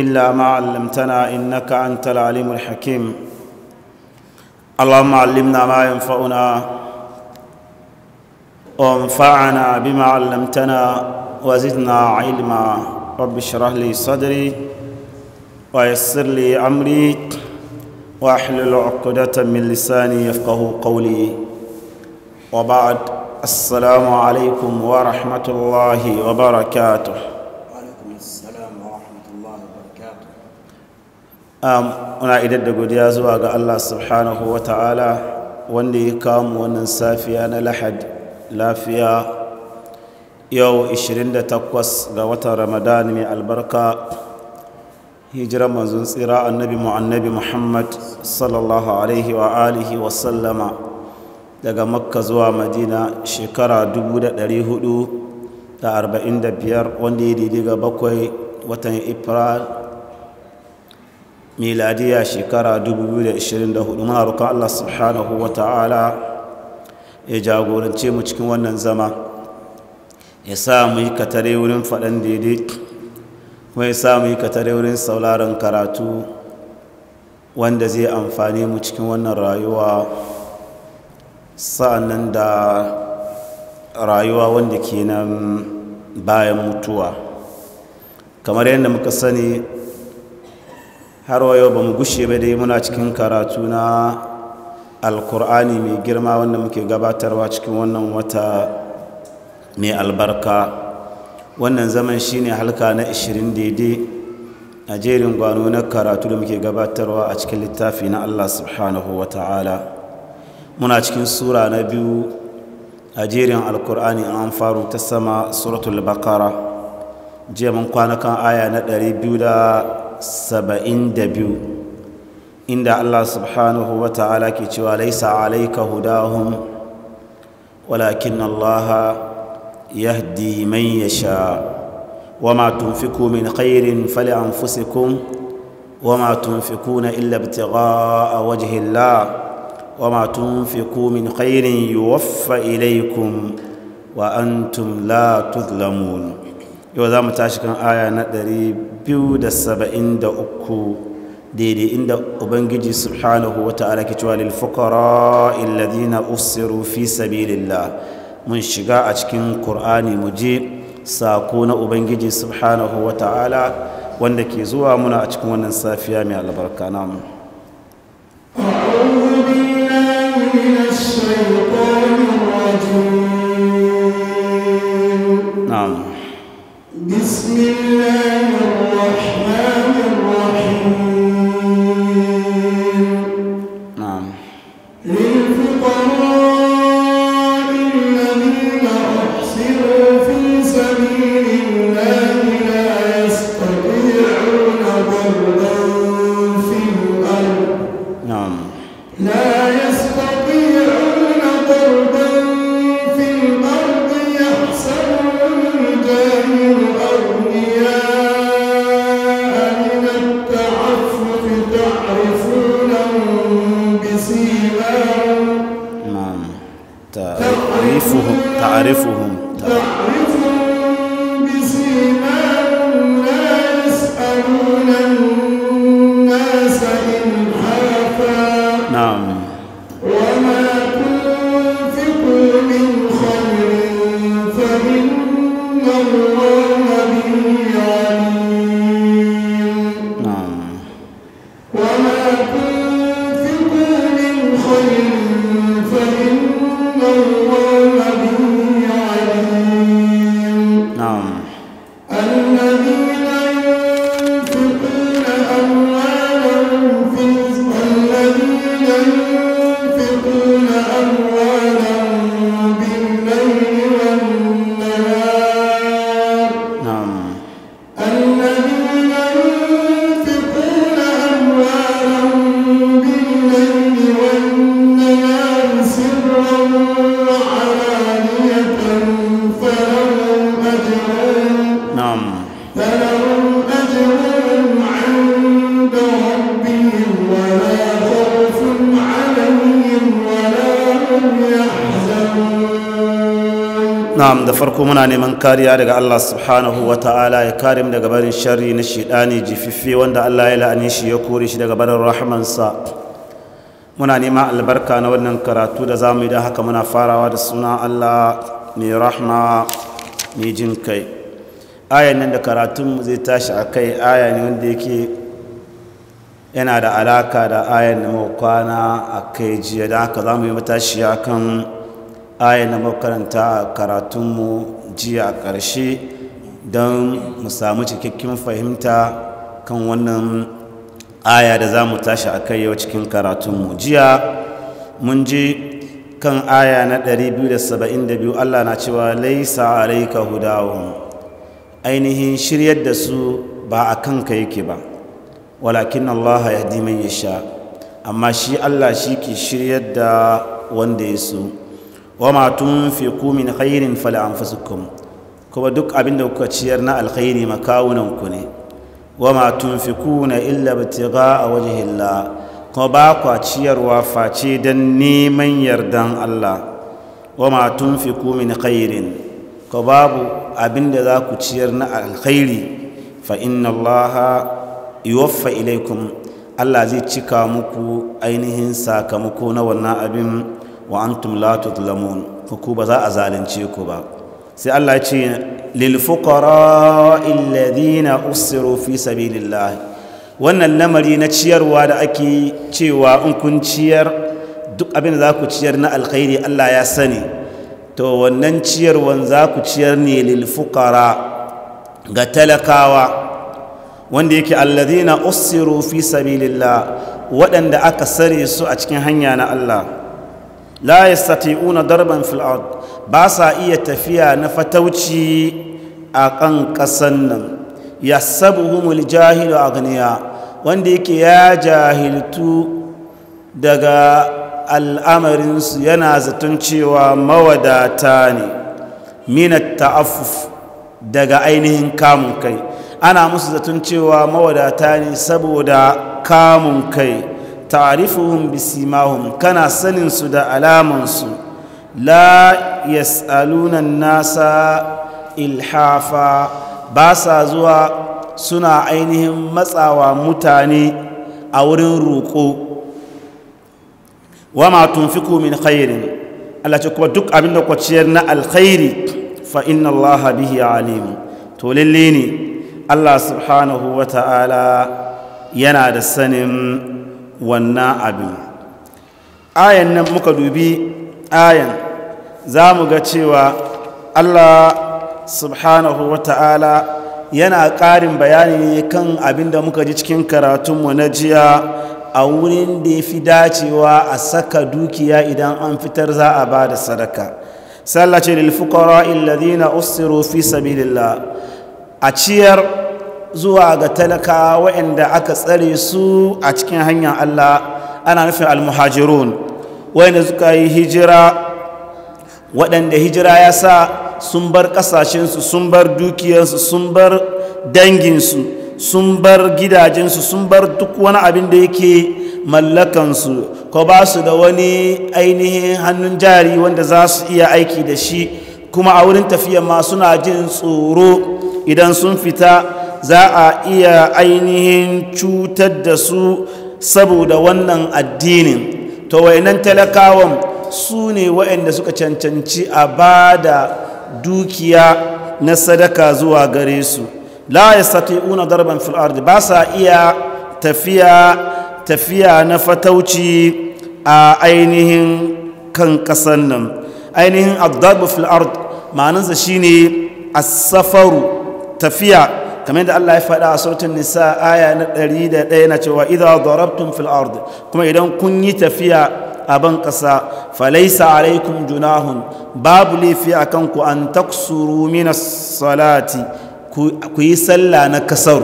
الا ما علمتنا انك انت العليم الحكيم اللهم علمنا ما ينفعنا وانفعنا بما علمتنا وزدنا علما رب اشرح لي صدري ويسر لي امري واحلل عقدة من لساني يفقه قولي وبعد السلام عليكم ورحمة الله وبركاته muna idan da godiya zuwa ga allah subhanahu wa ta'ala wanda ya kamu wannan safiya na lahad lafiya yau 28 ga watan ramadan mai albarka hijiran manzon tsira annabi mu annabi muhammad sallallahu alaihi wa alihi wa sallama daga makka zuwa madina shekara 445 wanda ya daidai ga bakwai watan april miladiya shekara 2024 muna roƙon Allah subhanahu wa ta'ala ya jagorance mu cikin wannan zama ya sa mu yi katare wurin faɗan daidai kuma ya sa mu yi katare wurin sauraron karatu wanda zai amfani mu cikin wannan rayuwa sa'annan da rayuwa wanda ke nan bayan mutuwa kamar yadda muka sani har wa yau ba mu gushe ba dai muna cikin karatu na alkur'ani mai girma wanda muke gabatarwa cikin wannan wata mai albarka wannan zaman shi ne halka na 20 daidai a jerin gwano na karatu da muke gabatarwa a cikin littafi na allah subhanahu wa ta'ala muna cikin sura na biyu a jerin alkur'ani an faru ta sama suratul bakara jiya mun kwana kan aya na 200 سبعين دبيو إن الله سبحانه وتعالى كي كتوى ليس عليك هداهم ولكن الله يهدي من يشاء وما تنفقوا من خير فلأنفسكم وما تنفقون إلا ابتغاء وجه الله وما تنفقوا من خير يوفى إليكم وأنتم لا تظلمون يوزا متاشكا آية ندري 273 daidai inda ubangiji subhanahu wa ta'ala ke cewa lil fuqara alladhina usiru fi sabilillah mun shiga a cikin qur'ani mu je sako na ubangiji subhanahu wa ta'ala wanda ke zuwa muna a cikin wannan safiya mai albarka namu na'am da farko muna neman kariya daga Allah subhanahu wa ta'ala ya kare mu daga barin sharri na shidani jififi wanda Allah ya la'ani shi ya kore shi daga barin rahamansa muna neman albarka na wannan karatu da zamu yi da haka muna farawa da suna Allah mai rahma mai jin kai ayan nan da karatun mu zai tashi akai kai aya ne wanda yake yana da alaka da ayan da mu kwana a jiya da haka zamu mu yi a kan aya na makaranta karatunmu jiya a ƙarshe don mu samu cikakken fahimta kan wannan aya da za mu tashi a kai yau cikin karatunmu jiya mun ji kan aya na 272 allah na cewa laisa alaika hudawun ainihin shiryar da su ba a kanka yake ba walakin allah ya man ya sha amma shi allah shi ke shiryar da wanda ya so wa ma tunfiqu min khairin fala anfusukum kuma duk abinda kuka ciyar na alkhairi makawunanku ne. ne tun fi kuna illa a wajhillah kuma ba kwa ciyarwa face dan neman yardan Allah wa ma tunfiqu min khairin ko babu abinda za ku ciyar na alkhairi fa inna allaha yuwaffa ilaikum Allah zai cika muku ainihin sakamako na wannan abin wa antum la tudlamun ku ba za a zalunce ku ba sai Allah ce lil fuqara alladhina usiru fi sabilillah wannan lamari na ciyarwa da ake cewa in kun ciyar duk abin da za ku ciyar na alkhairi Allah ya sani to wannan ciyarwan za ku ciyar ne lil fuqara ga talakawa wanda yake alladhina usiru fi sabilillah waɗanda aka sare su a cikin hanya na Allah la yastati'una darban fil ard ba sa iya tafiya na fatauci a kan kasan nan yasabuhumul jahilu aghniya wanda yake ya jahiltu daga su yana zaton cewa mawadata ne minat ta'affuf daga ainihin kamun kai ana musu zaton cewa mawadata ne saboda kamun kai ta'rifuhum bisimahum kana sanin su da alamansu la yas'aluna nasa ilhafa ba sa zuwa suna ainihin matsawa mutane a wurin roƙo wa ma tunfiku min khairin Allah ce kuma duk abinda kwaciyar na alkhairi fa inna Allah bihi alim to lalle ne Allah subhanahu wa ta'ala yana da sanin wannan abin ayan nan muka dubi ayan za mu ga cewa allah subhanahu wa ta'ala yana ƙarin bayani ne kan abin da muka ji cikin karatunmu na jiya a wurin da ya fi dacewa a saka dukiya idan an fitar za a ba da sadaka sallace lil fuqara alladhina usiru fi sabilillah a ciyar zuwa ga talaka waɗanda aka tsare su a cikin hanyar Allah ana nufin almuhajirun waɗanda suka yi hijira waɗanda hijira ya sa sun bar ƙasashensu sun bar dukiyarsu sun bar danginsu sun bar gidajensu sun bar duk wani abin da yake mallakansu ko ba su da wani ainihin hannun jari wanda za su iya aiki da shi kuma a wurin tafiya ma suna jin tsoro idan sun fita za a iya ainihin cutar da su saboda wannan addinin to wainan talakawan su ne waɗanda suka cancanci a ba da dukiya na sadaka zuwa gare su la ya una darban fil'ardi ba sa iya tafiya tafiya na fatauci a ainihin kan kasan nan ainihin adarbu fil ma'anansa shine a safaru tafiya kamar yadda Allah ya faɗa a suratul nisa aya na ɗaya na cewa idza darabtum fil ard kuma idan kun yi tafiya a ban ƙasa falaisa alaikum junahun babu laifi a kanku an taksuru minas salati ku yi sallah na kasar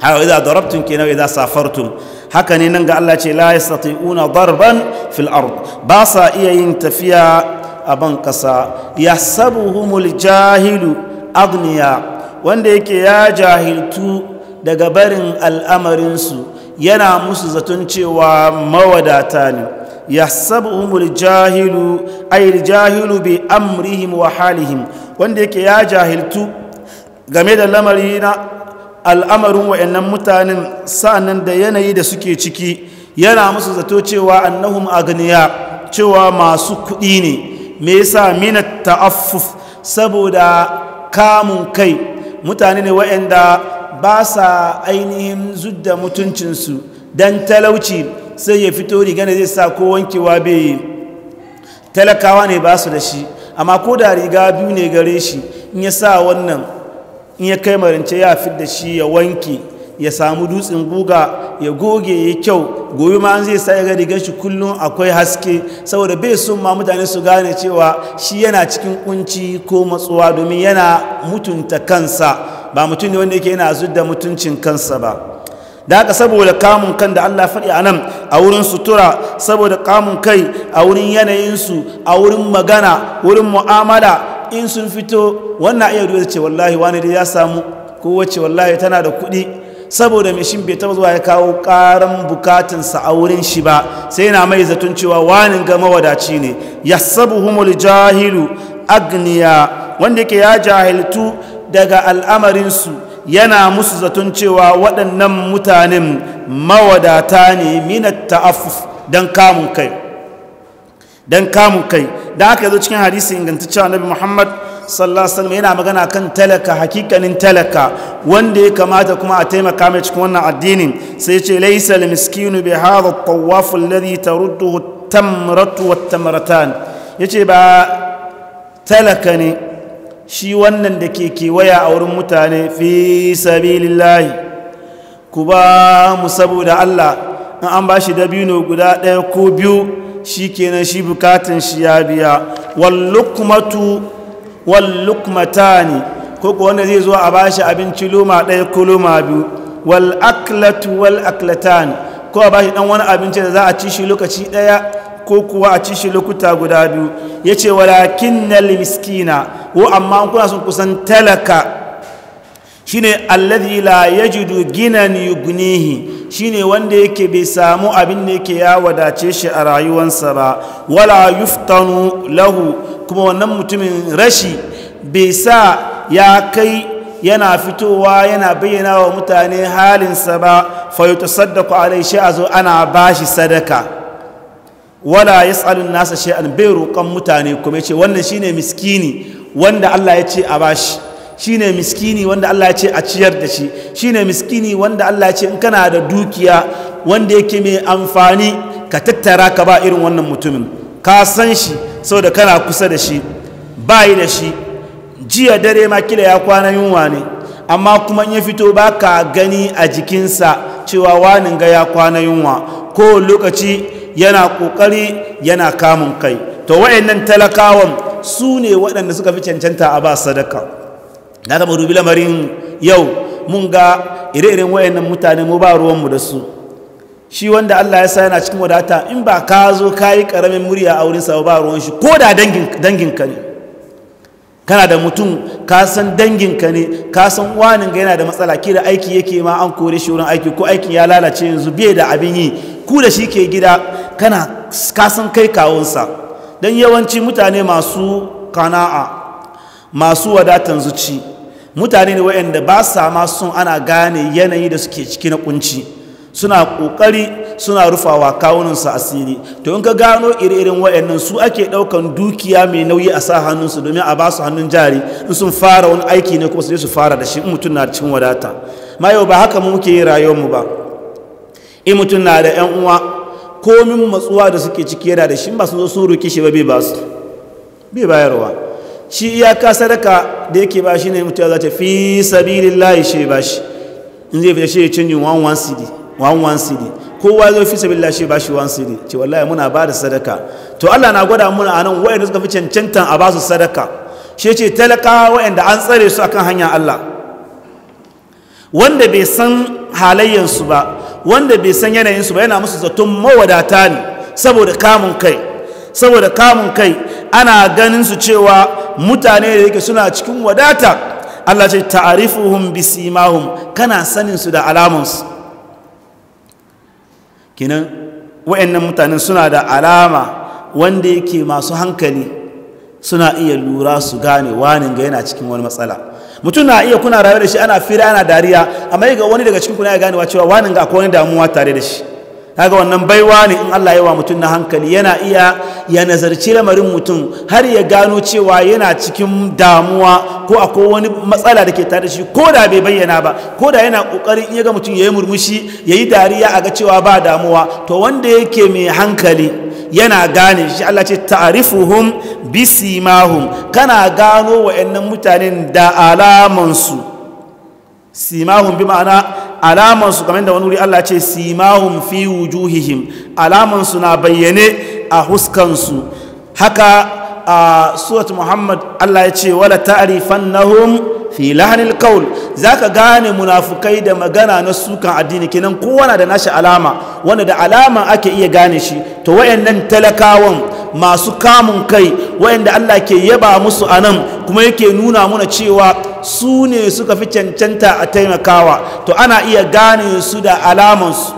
haka idan darabtum kenan idza safartum haka ne nan ga Allah ce la yastati'una darban fil ard ba sa iya yin tafiya a ban ƙasa yahsabuhumul jahilu agniya wanda yake ya jahiltu daga barin al'amarinsu yana musu zaton cewa mawadata ne ya sabu umar jahilu ayil jahilu bi amrihim wa halihim wanda yake ya jahiltu game da lamari na al'amarin wa'annan mutanen sa'annan da yanayi da suke ciki yana musu zato cewa annahum agniya cewa masu kuɗi ne me yasa minat ta'affuf saboda kamun kai mutane ne wa'anda ba sa ainihin zudda mutuncinsu don talauci sai ya fito riga ne zai sa ko wankewa bai talakawa ne ba su da shi amma ko da riga biyu ne gare shi in ya sa wannan in ya kai marince ya fi da shi ya wanke ya samu dutsen guga ya goge ya kyau gobe ma zai sa ya rigar shi kullum akwai haske saboda bai sun ma mutane su gane cewa shi yana cikin kunci ko matsuwa domin yana mutunta kansa ba mutum ne wanda yake yana zudda mutuncin kansa ba da haka saboda kamun kan da Allah faɗi a nan a wurin sutura saboda kamun kai a wurin yanayinsu a wurin magana wurin mu'amala in sun fito wannan iya ya ce wallahi wani da ya samu ko wacce wallahi tana da kuɗi saboda mai shin bai taba zuwa ya kawo karan bukatunsa a wurin shi ba sai yana mai zaton cewa wanin ga mawadaci ne Humul jahilu agniya wanda yake ya jahiltu daga al'amarinsu yana musu zaton cewa waɗannan mutanen mawadata ne minat ta'affuf don kamun kai don kamun kai zo cikin hadisi ingantaccen annabi muhammad sallallahu yana magana kan talaka hakikanin talaka wanda ya kamata kuma a taimaka mai cikin wannan addinin sai ce laisa miskinu bi hadha at-tawaf alladhi tarudduhu tamratu wat tamratan yace ba talaka ne shi wannan da ke kewaya a wurin mutane fi sabilillahi ku ba mu saboda Allah in an ba shi dabino guda ɗaya ko biyu shi kenan shi bukatun shi ya biya wallukmatu wal luqmatani ko ko wanda zai zo a bashi abinci luma ɗaya ko luma biyu wal aklatu wal aklatani ko a bashi ɗan wani abinci da za a ci shi lokaci ɗaya ko kuwa a ci shi lokuta guda biyu Ya ce yace na limiskina ko amma kuna son kusan talaka shine allazi la yajidu ginan yugnihi shine wanda yake bai samu abin da yake ya wadace shi a rayuwarsa ba wala yuftanu lahu kuma wannan mutumin rashi bai sa ya kai yana fitowa yana bayyana wa mutane halinsa ba fa a alai shi a zo ana ba shi sadaka wala ya tsalin nasa shi an bai roƙon mutane kuma ce. wannan shine miskini wanda Allah ya ce a bashi shine miskini wanda Allah ya ce a ciyar da shi shine miskini wanda Allah ya ce in kana da dukiya wanda yake mai amfani ka tattara ka ba irin wannan mutumin ka san shi saboda kana kusa da shi Ba bayi da shi jiya dare ma kila ya kwana yunwa ne amma kuma in ya fito ba ka gani a jikinsa cewa wanin ga ya kwana yunwa ko lokaci yana kokari yana kamun kai to wayannan talakawan su ne waɗanda suka fi cancanta a ba sadaka na ta dubi lamarin yau mun ga ire-iren wayannan mutane mu ba ruwanmu da su shi wanda Allah ya sa yana cikin wadata in ba ka zo ka yi ƙaramin murya a wurinsa ba ruwan shi ko da danginka ne kana da mutum ka san danginka ne ka san ga yana da matsala ke da aiki yake ma an kore shi wurin aiki ko aikin ya lalace yanzu bai da abin yi ku da shi ke gida kana ka san kai kawunsa don yawanci mutane masu kana'a masu wadatan zuci mutane ne wayanda ba sa ma sun ana gane yanayi da suke ciki na kunci suna kokari suna rufawa kawunansu asiri to in ka gano ire-iren wayannan su ake daukan dukiya mai nauyi a sa hannunsu domin a ba su hannun jari in sun fara wani aiki ne kuma su je su fara da shi in mutum na cikin wadata ma yau ba haka mu muke yi rayuwar mu ba in mutum na da yan uwa komin matsuwa da suke ciki yana da shi ba su zo sun roki shi ba bai ba su bai bayarwa shi ka sadaka da yake ba shi ne mutu ya zata fi sabirin layi shi ba shi in zai fi shi ya canjin 1 cd 1 cd kowa zai fi sabirin layi shi ba shi 1 cd ce wallahi muna ba da sadaka to allah na gwada muna a nan wa'yanda suka fi cancantan a ba su sadaka shi ce talaka wa'yanda an tsare su akan hanya, allah wanda bai san halayyansu ba wanda bai san yanayinsu ba yana musu zaton mawadata ne saboda kamun kai saboda kamun kai ana ganin su cewa mutane da yake suna cikin wadata Allah ce ta'arifuhum bisimahum kana sanin su da alamansu kinan wayannan mutanen suna da alama wanda yake masu hankali suna iya lura su gane wanin ga yana cikin wani matsala mutum na iya kuna rayuwa da shi ana fira ana dariya amma ga wani daga cikin kuna ya wa cewa wanin ga akwai wani damuwa tare da shi kaga wannan baiwa ne in Allah ya wa mutum na hankali yana iya ya nazarci lamarin mutum har ya gano cewa yana cikin damuwa ko akwai wani matsala da ke tare da shi ko da bai bayyana ba ko da yana kokarin in ga mutum ya yi murmushi ya yi dariya a ga cewa ba damuwa to wanda yake mai hankali yana gane shi Allah ce ta'rifuhum bisimahum kana gano wa'annan mutanen da alamansu simahum bi ma'ana alamansu game da wani wuri Allah ce simahun fi wujuhihim alamansu na bayyane a huskansu haka a surat muhammad Allah ya ce wala ta'rifannahum fi lahanil Za ka gane munafukai da magana na sukan addini kenan kowa da nashi alama wanda da alama ake iya gane shi to wayannan talakawan masu kamun kai wayanda Allah ke yaba musu a nan kuma yake nuna muna cewa su ne suka fi cancanta a taimakawa to ana iya gane su da alamansu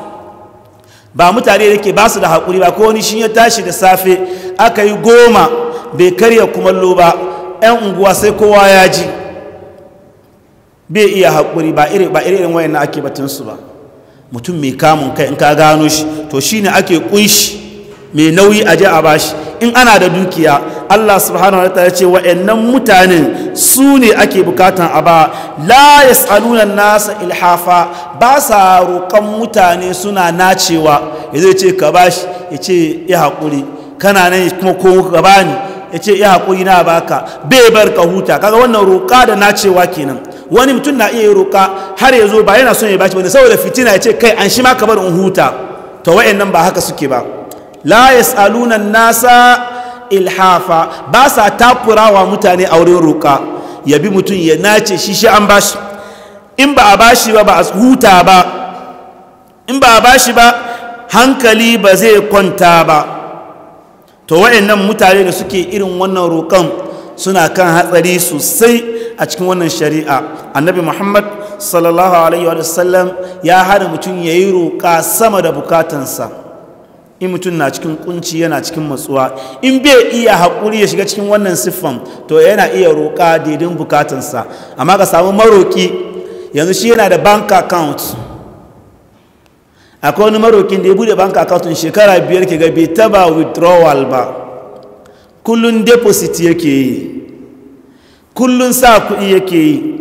ba mutane da ke ba su da haƙuri ba ko wani shi ya tashi da safe aka yi goma bai karya kumallo ba 'yan unguwa sai kowa ya ji bai iya haƙuri ba irin wayan na ake batunsu ba mutum mai kamun kai in ka gano shi to shi shine ake ƙunshi mai nauyi a je a bashi in ana da dukiya Allah subhanahu wa ta'ala ce wa'annan mutanen su ne ake bukatan a ba la yas'aluna nasa ilhafa ba sa roƙon mutane suna nacewa yazo ce ka bashi yace ya hakuri kana nan kuma ko ka bani yace ya hakuri na baka bai bar ka huta kaga wannan roƙa da nacewa kenan wani mutum na iya roƙa har ya zo ba yana son ya bashi ba saboda fitina ya ce kai an shi ma ka bar in huta to wa'annan ba haka suke ba la yas'aluna nasa ilhafa ba sa takurawa mutane a wurin roƙa ya bi mutum ya nace shi shi an bashi in ba a bashi ba ba a huta ba in ba a bashi ba hankali ba zai kwanta ba to waɗannan mutane da suke irin wannan roƙon suna kan hatsari sosai a cikin wannan shari'a annabi muhammad sallallahu alaihi wa ya hada mutum ya yi roƙa sama da bukatansa in mutum na cikin kunci yana cikin matsuwa in bai iya haƙuri ya shiga cikin wannan siffan to yana iya roƙa daidin bukatansa amma ka samu maroki yanzu shi yana da bank account akwai wani marokin da ya bude bank account shekara biyar ke gabi bai taba withdrawal ba kullun deposit yake yi kullun sa kuɗi yake yi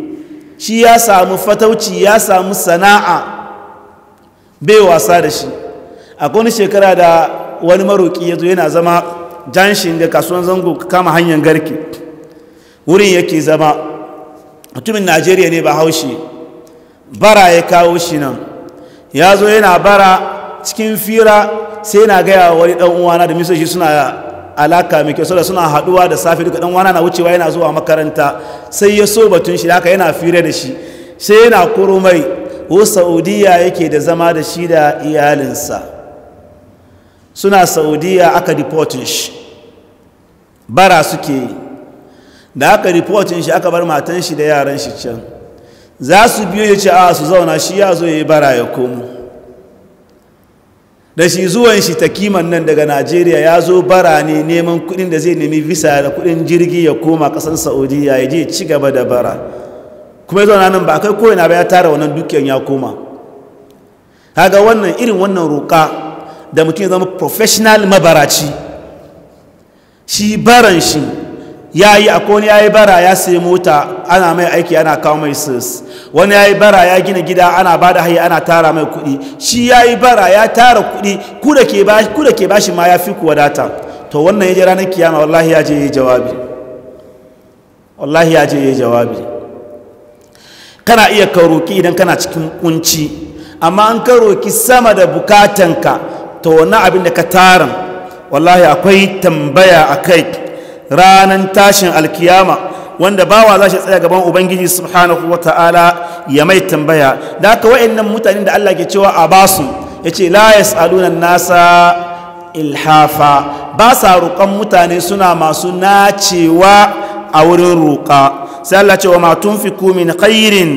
shi ya samu fatauci ya samu sana'a bai wasa da shi a wani shekara da wani maroki ya zo yana zama janshin da kasuwan zango kama hanyar garki wurin yake zama mutumin najeriya ne ba haushi bara ya kawo shi nan ya zo yana bara cikin fira sai yana gaya wani dan uwana da misoshi suna alaka mai kyau saboda suna haduwa da safe duka dan uwana na wucewa yana zuwa makaranta sai ya so batun shi haka yana fira da shi sai yana kuro mai ko saudiya yake da zama da shi da iyalinsa suna saudiya aka ripotin shi bara suke yi da aka ripotin shi aka bar matan shi da yaran shi can za su biyo ya ce a ah, su zauna shi ya zo ya yi bara ya komo da shi zuwan shi ta kiman nan daga najeriya ya zo bara ne neman kudin da zai nemi visa da kudin jirgi ya koma kasan saudiya ya je ci gaba da bara kuma ya zauna nan ba kai ko ba ya tara wannan dukiyan ya koma haga wannan irin wannan roƙa da mutum ya zama professional mabaraci shi baran shi ya yi a kone ya yi bara ya sai mota ana mai aiki ana kawo mai sus wani ya yi bara ya gina gida ana ba da haya ana tara mai kuɗi shi ya yi bara ya tara kuɗi kuda ke bashi ma ya fi ku wadata to wannan ya je ranar kiyama wallahi ya je yi jawabi wallahi ya je yi jawabi kana iya karoki idan kana cikin kunci amma an karoki sama da bukatanka to wannan abin da ka tara wallahi akwai tambaya a kai ranar tashin alkiyama wanda bawa za shi tsaya gaban ubangiji subhanahu wa ta'ala ya mai tambaya da haka wa'annan mutanen da Allah ke cewa a basu ya ce la yas'aluna nasa ilhafa ba sa roƙon mutane suna masu nacewa a wurin roƙa sai Allah ce wa ma min khairin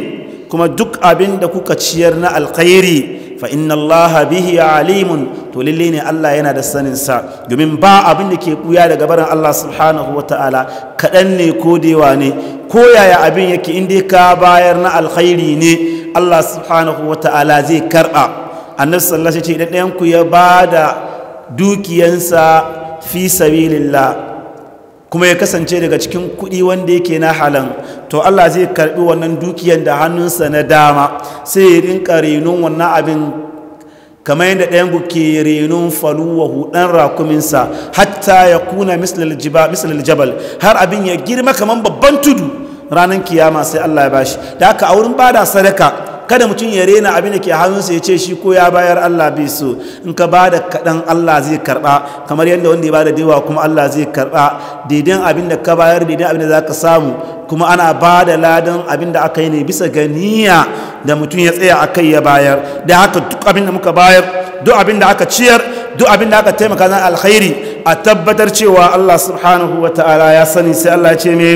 kuma duk abin da kuka ciyar na alkhairi fa inna allaha bihi alimun to lalle ne Allah yana da sanin sa domin ba abin da ke buya daga barin Allah subhanahu wataala kadan ne ko dewa ne ko yaya abin yake inda ka bayar na alkhairi ne Allah subhanahu wataala zai karba annabi sallallahu alaihi wasallam ce da ya bada dukiyansa fi sabilillah kuma ya kasance daga cikin kuɗi wanda yake na halan to Allah zai karbi wannan dukiyar da hannunsa na dama sai ya rinka renon wannan abin kamar yadda ɗayan ke renon faluwahu ɗan rakuminsa hatta ya kuna misalil jabal har abin ya girma kamar babban tudu ranar kiyama sai Allah ya bashi da aka a wurin bada sadaka kada mutum ya rena abin da ke hannunsa ya ce shi ko ya bayar Allah bi so in ka ba da kaɗan Allah zai karɓa kamar yadda wanda ya ba da dewa kuma Allah zai karɓa daidan abin da ka bayar daidan abin da za ka samu kuma ana ba da ladan abin da aka yi ne bisa ganiya da mutum ya tsaya a kai ya bayar da haka duk abin da muka bayar duk abin da aka ciyar duk abin da aka taimaka na alkhairi a tabbatar cewa Allah subhanahu wa ta'ala ya sani sai Allah ya ce me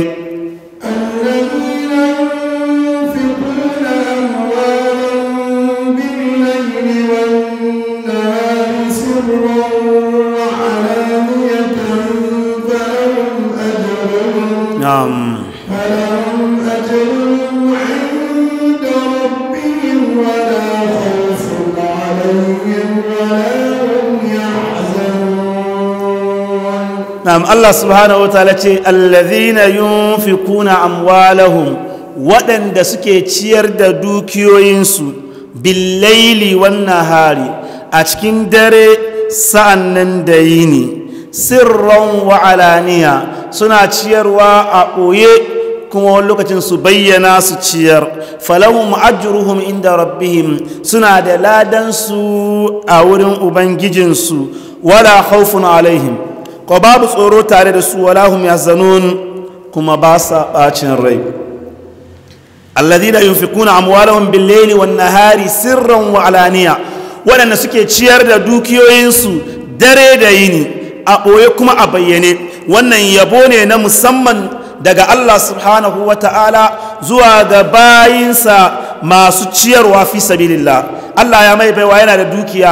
na'am Allah subhanahu wataala ce allazina yunfikuna amwalahum waɗanda suke ciyar da dukiyoyinsu billaili wan nahari a cikin dare sa'an nan da yini sirran wa alaniya suna ciyarwa a ɓoye kuma wani lokacin su bayyana su ciyar falahum ajruhum inda rabbihim suna da ladansu a wurin ubangijinsu wala khawfun alaihim ko babu tsoro tare da su wala hum yahzanun kuma ba sa bacin rai da yunfikuna amwalahum bil-layli wan-nahari sirran wa alaniya waɗanda suke ciyar da dukiyoyinsu dare da yini a boye kuma a bayyane wannan yabo ne na musamman daga Allah subhanahu wa ta'ala zuwa ga bayinsa masu ciyarwa fi sabilillah Allah ya mai baiwa yana da dukiya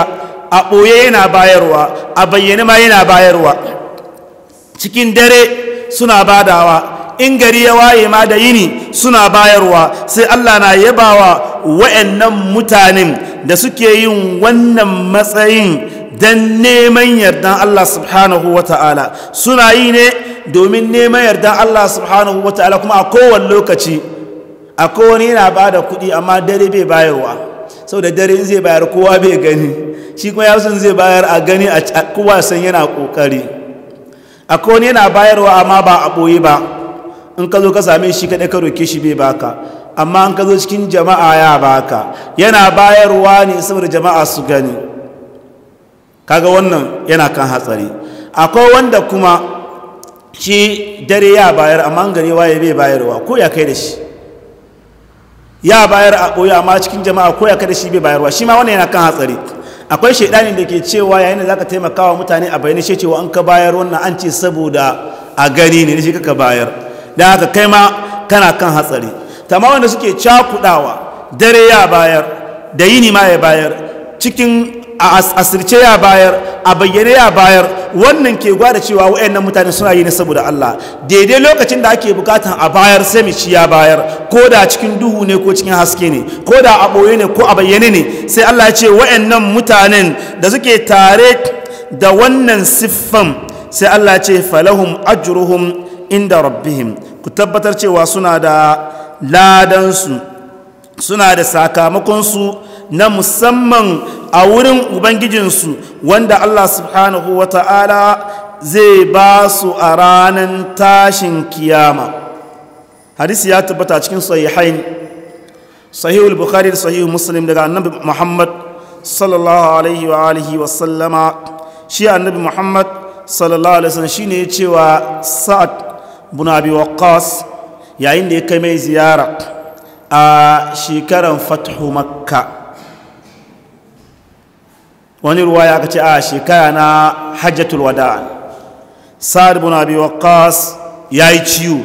a boye yana bayarwa a bayyane ma yana bayarwa cikin dare suna badawa in gari ya waye ma da yini suna bayarwa sai Allah na yabawa wa'annan mutanen da suke yin wannan matsayin don neman yardan Allah subhanahu wa suna yi ne domin neman yardan Allah subhanahu wa kuma a kowane lokaci a kowane yana ba da kuɗi amma dare bai bayarwa sau da dare zai bayar kowa bai gani shi kuma yasun zai bayar a gani a kowa san yana ƙoƙari akwai wani yana bayarwa amma ba a ɓoye ba in ka zo ka same shi kaɗai ka roke shi bai baka amma an ka zo cikin jama'a ya baka yana bayarwa ne saboda jama'a su gani kaga wannan yana kan hatsari akwai wanda kuma shi dare ya bayar amma an gani waye bai bayarwa ko ya kai da shi ya bayar a ɓoye amma cikin jama'a ko ya kai da shi bai bayarwa shi ma wannan yana kan hatsari akwai shaidanin da ke cewa yayin da zaka taimaka wa mutane a bayyane shi cewa an ka bayar wannan an ce saboda a gani ne shi kaka bayar da haka kai ma kana kan hatsari tamma wanda suke cakudawa dare ya bayar da yini ma ya bayar cikin a asirce ya bayar a bayyane ya bayar wannan ke gwada cewa nan mutane suna yi na saboda Allah daidai lokacin da ake bukatan a bayar sai mu ci ya bayar ko da cikin duhu ne ko cikin haske ne ko da a boye ne ko a bayyane ne sai Allah ya ce nan mutanen da suke tare da wannan siffan sai Allah ya ce falahum ajruhum inda rabbihim ku tabbatar cewa suna da ladansu suna da sakamakonsu na musamman a wurin ubangijinsu wanda Allah subhanahu wa ta'ala zai ba su a ranar tashin kiyama hadisi ya tabbata cikin sahihain sahihul bukhari da sahihul muslim daga annabi muhammad sallallahu alaihi wa alihi wa sallama shi annabi muhammad sallallahu alaihi wasallam shine cewa sa'ad bin abi waqqas yayin da ya kai mai ziyara a shekaran fathu makka wani ruwa ya kace a ah, shekara na hajjatul wada'an sa'ad ibn abi waqqas yayi ciwo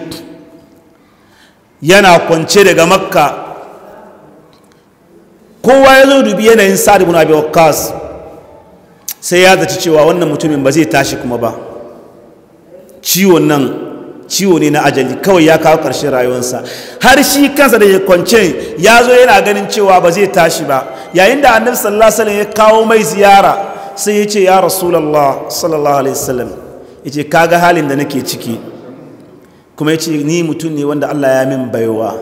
yana kwance daga makka kowa ya zo dubi yanayin sa'ad ibn abi waqqas sai ya zaci cewa wannan mutumin ba zai tashi kuma ba ciwon nan ciwo ne na ajali kawai ya kawo ƙarshen rayuwarsa har shi kansa da ya kwance ya zo yana ganin cewa ba zai tashi ba yayin da annabi sallallahu alaihi ya kawo mai ziyara sai ya ce ya rasulullah sallallahu alaihi wasallam yace kaga halin da nake ciki kuma yace ni mutum ne wanda Allah ya min baiwa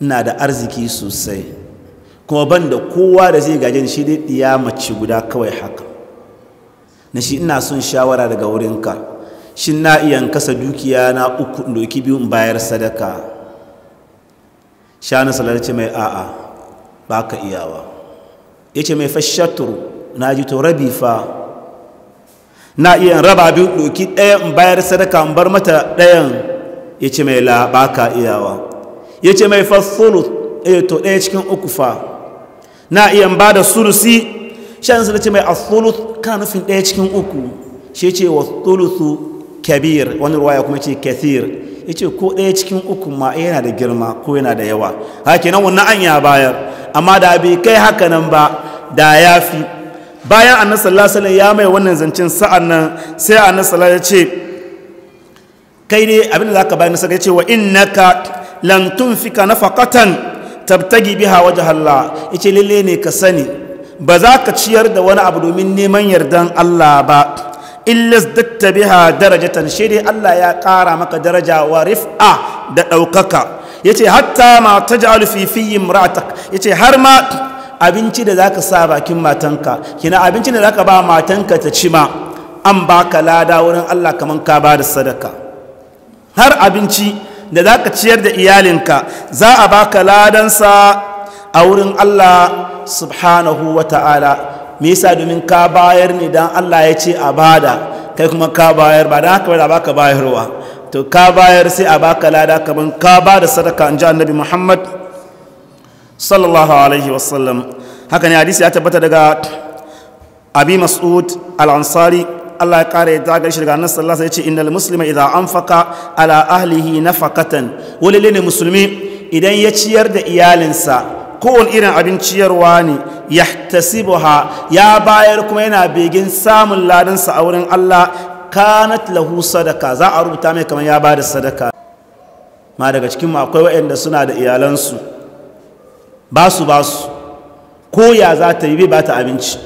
ina da arziki sosai kuma ban da kowa da zai gaje shi dai diya mace guda kawai haka na shi ina son shawara daga wurinka shin na iya kasa dukiya na uku doki biyu in bayar sadaka shanu salar ce mai a'a ba ka iyawa ya ce mai fashatur na ji to rabi fa na iya raba biyu doki ɗaya in bayar sadaka in bar mata ɗayan ya ce mai la ba ka iyawa ya ce mai fasulu ɗaya eh, to ɗaya cikin uku fa na iya ba da sulusi shanu salar ce mai asulu kana nufin ɗaya cikin uku shi ce wa sulusu kabir wani ruwaya kuma ce kathir ya ce ko ɗaya cikin uku ma eh yana da girma ko yana da yawa haka nan wannan an ya bayar amma da bai kai haka nan ba da ya fi bayan annan sallallahu ya mai wannan zancen sa'an nan sai annan sallallahu ya ce kai ne abin da zaka bayar nasara ya ce wa innaka lan tunfika nafaqatan tabtagi biha wajh ya ce lalle ne ka sani ba za ka ciyar da wani abu domin neman yardan Allah ba illas datta biha darajatan shi dai Allah ya kara maka daraja wa rif'a da ɗaukaka yace hatta ma taj'alu fi fi yace har ma abinci da zaka sa bakin matanka kina abinci da zaka ba matanka ta ci ma an baka lada wurin Allah kaman ka ba da sadaka har abinci da zaka ciyar da iyalinka za a baka ladansa a wurin Allah subhanahu wa ta'ala me yasa domin ka bayar ne dan Allah ya ce a bada kai kuma ka bayar ba dan haka ba ka baka bayarwa to ka bayar sai a baka lada kaman ka bada sadaka an ji annabi Muhammad sallallahu alaihi wasallam haka ne hadisi ya tabbata daga abi mas'ud al-ansari Allah ya kare ta ga daga annabi sallallahu alaihi wasallam ya ce innal muslima idza anfaqa ala ahlihi nafaqatan wani ne musulmi idan ya ciyar da iyalinsa kowane irin abin ciyarwa ne ya tasibuha ya bayar kuma yana begin samun ladinsa a wurin Allah kanat lahu sadaka za a rubuta mai kamar ya ba da sadaka ma daga cikin akwai waɗanda suna da iyalansu ba su ba su ko ya za ta yi bai ba ta abinci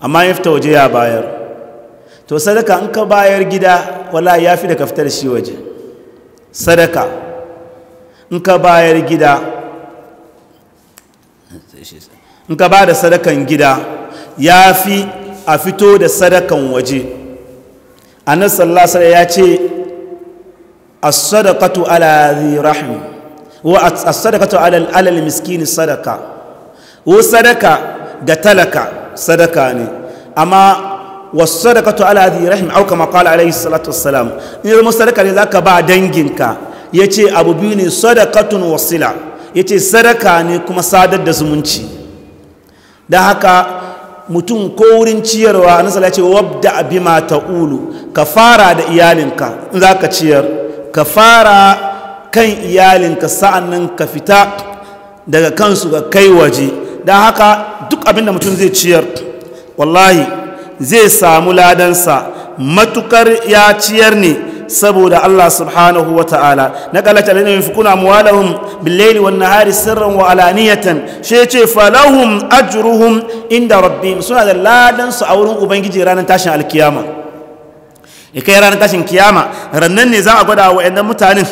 amma ya fita waje ya bayar to sadaka in ka bayar gida wala ya fi da ka fita da shi waje sadaka in ka bayar gida in ka ba da sadakan gida ya fi a fito da sadakan waje annan sallasar ya ce as-sadaqatu ala zi rahmi wa as-sadaqatu ala alal miskini sadaka wa sadaka ga talaka sadaka ne amma wasadakatu ala dhi rahim auka kama qala alayhi salatu wassalam ne mu sadaka ne zaka ba danginka yace abu biyu ne sadakatun wasila ya ce sadaka ne kuma sadar da zumunci da haka mutum ko wurin ciyarwa nasala ce wabda abima ta'ulu ka fara da iyalinka in za ka ciyar ka fara kan iyalinka sa'annan ka fita daga kansu ga kai waje da haka duk abinda mutum zai ciyar wallahi zai samu ladansa matukar ya ciyar ne saboda Allah subhanahu wa ta'ala na kalata da nufin kuna muwalahun billaili wa nahari sirran wa alaniyatan shi ce falahum ajruhum inda rabbi suna da ladansu a wurin ubangiji ranar tashin alkiyama ya ranar tashin kiyama rannan ne za a gwada wa mutanen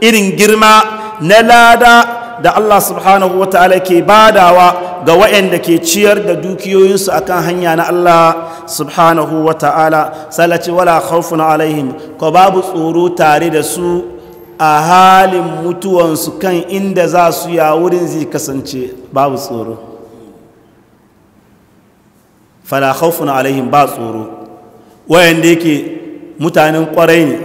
irin girma na lada da Allah subhanahu wa ta'ala ke badawa ga waɗanda ke ciyar da dukiyoyinsu a kan hanya na Allah subhanahu wa ta'ala salaci wala khawfun alaihim ko babu tsoro tare da su a halin mutuwansu kan inda za su ya wurin zai kasance babu tsoro fala khawfun alaihim ba tsoro wayanda yake mutanen kwarai ne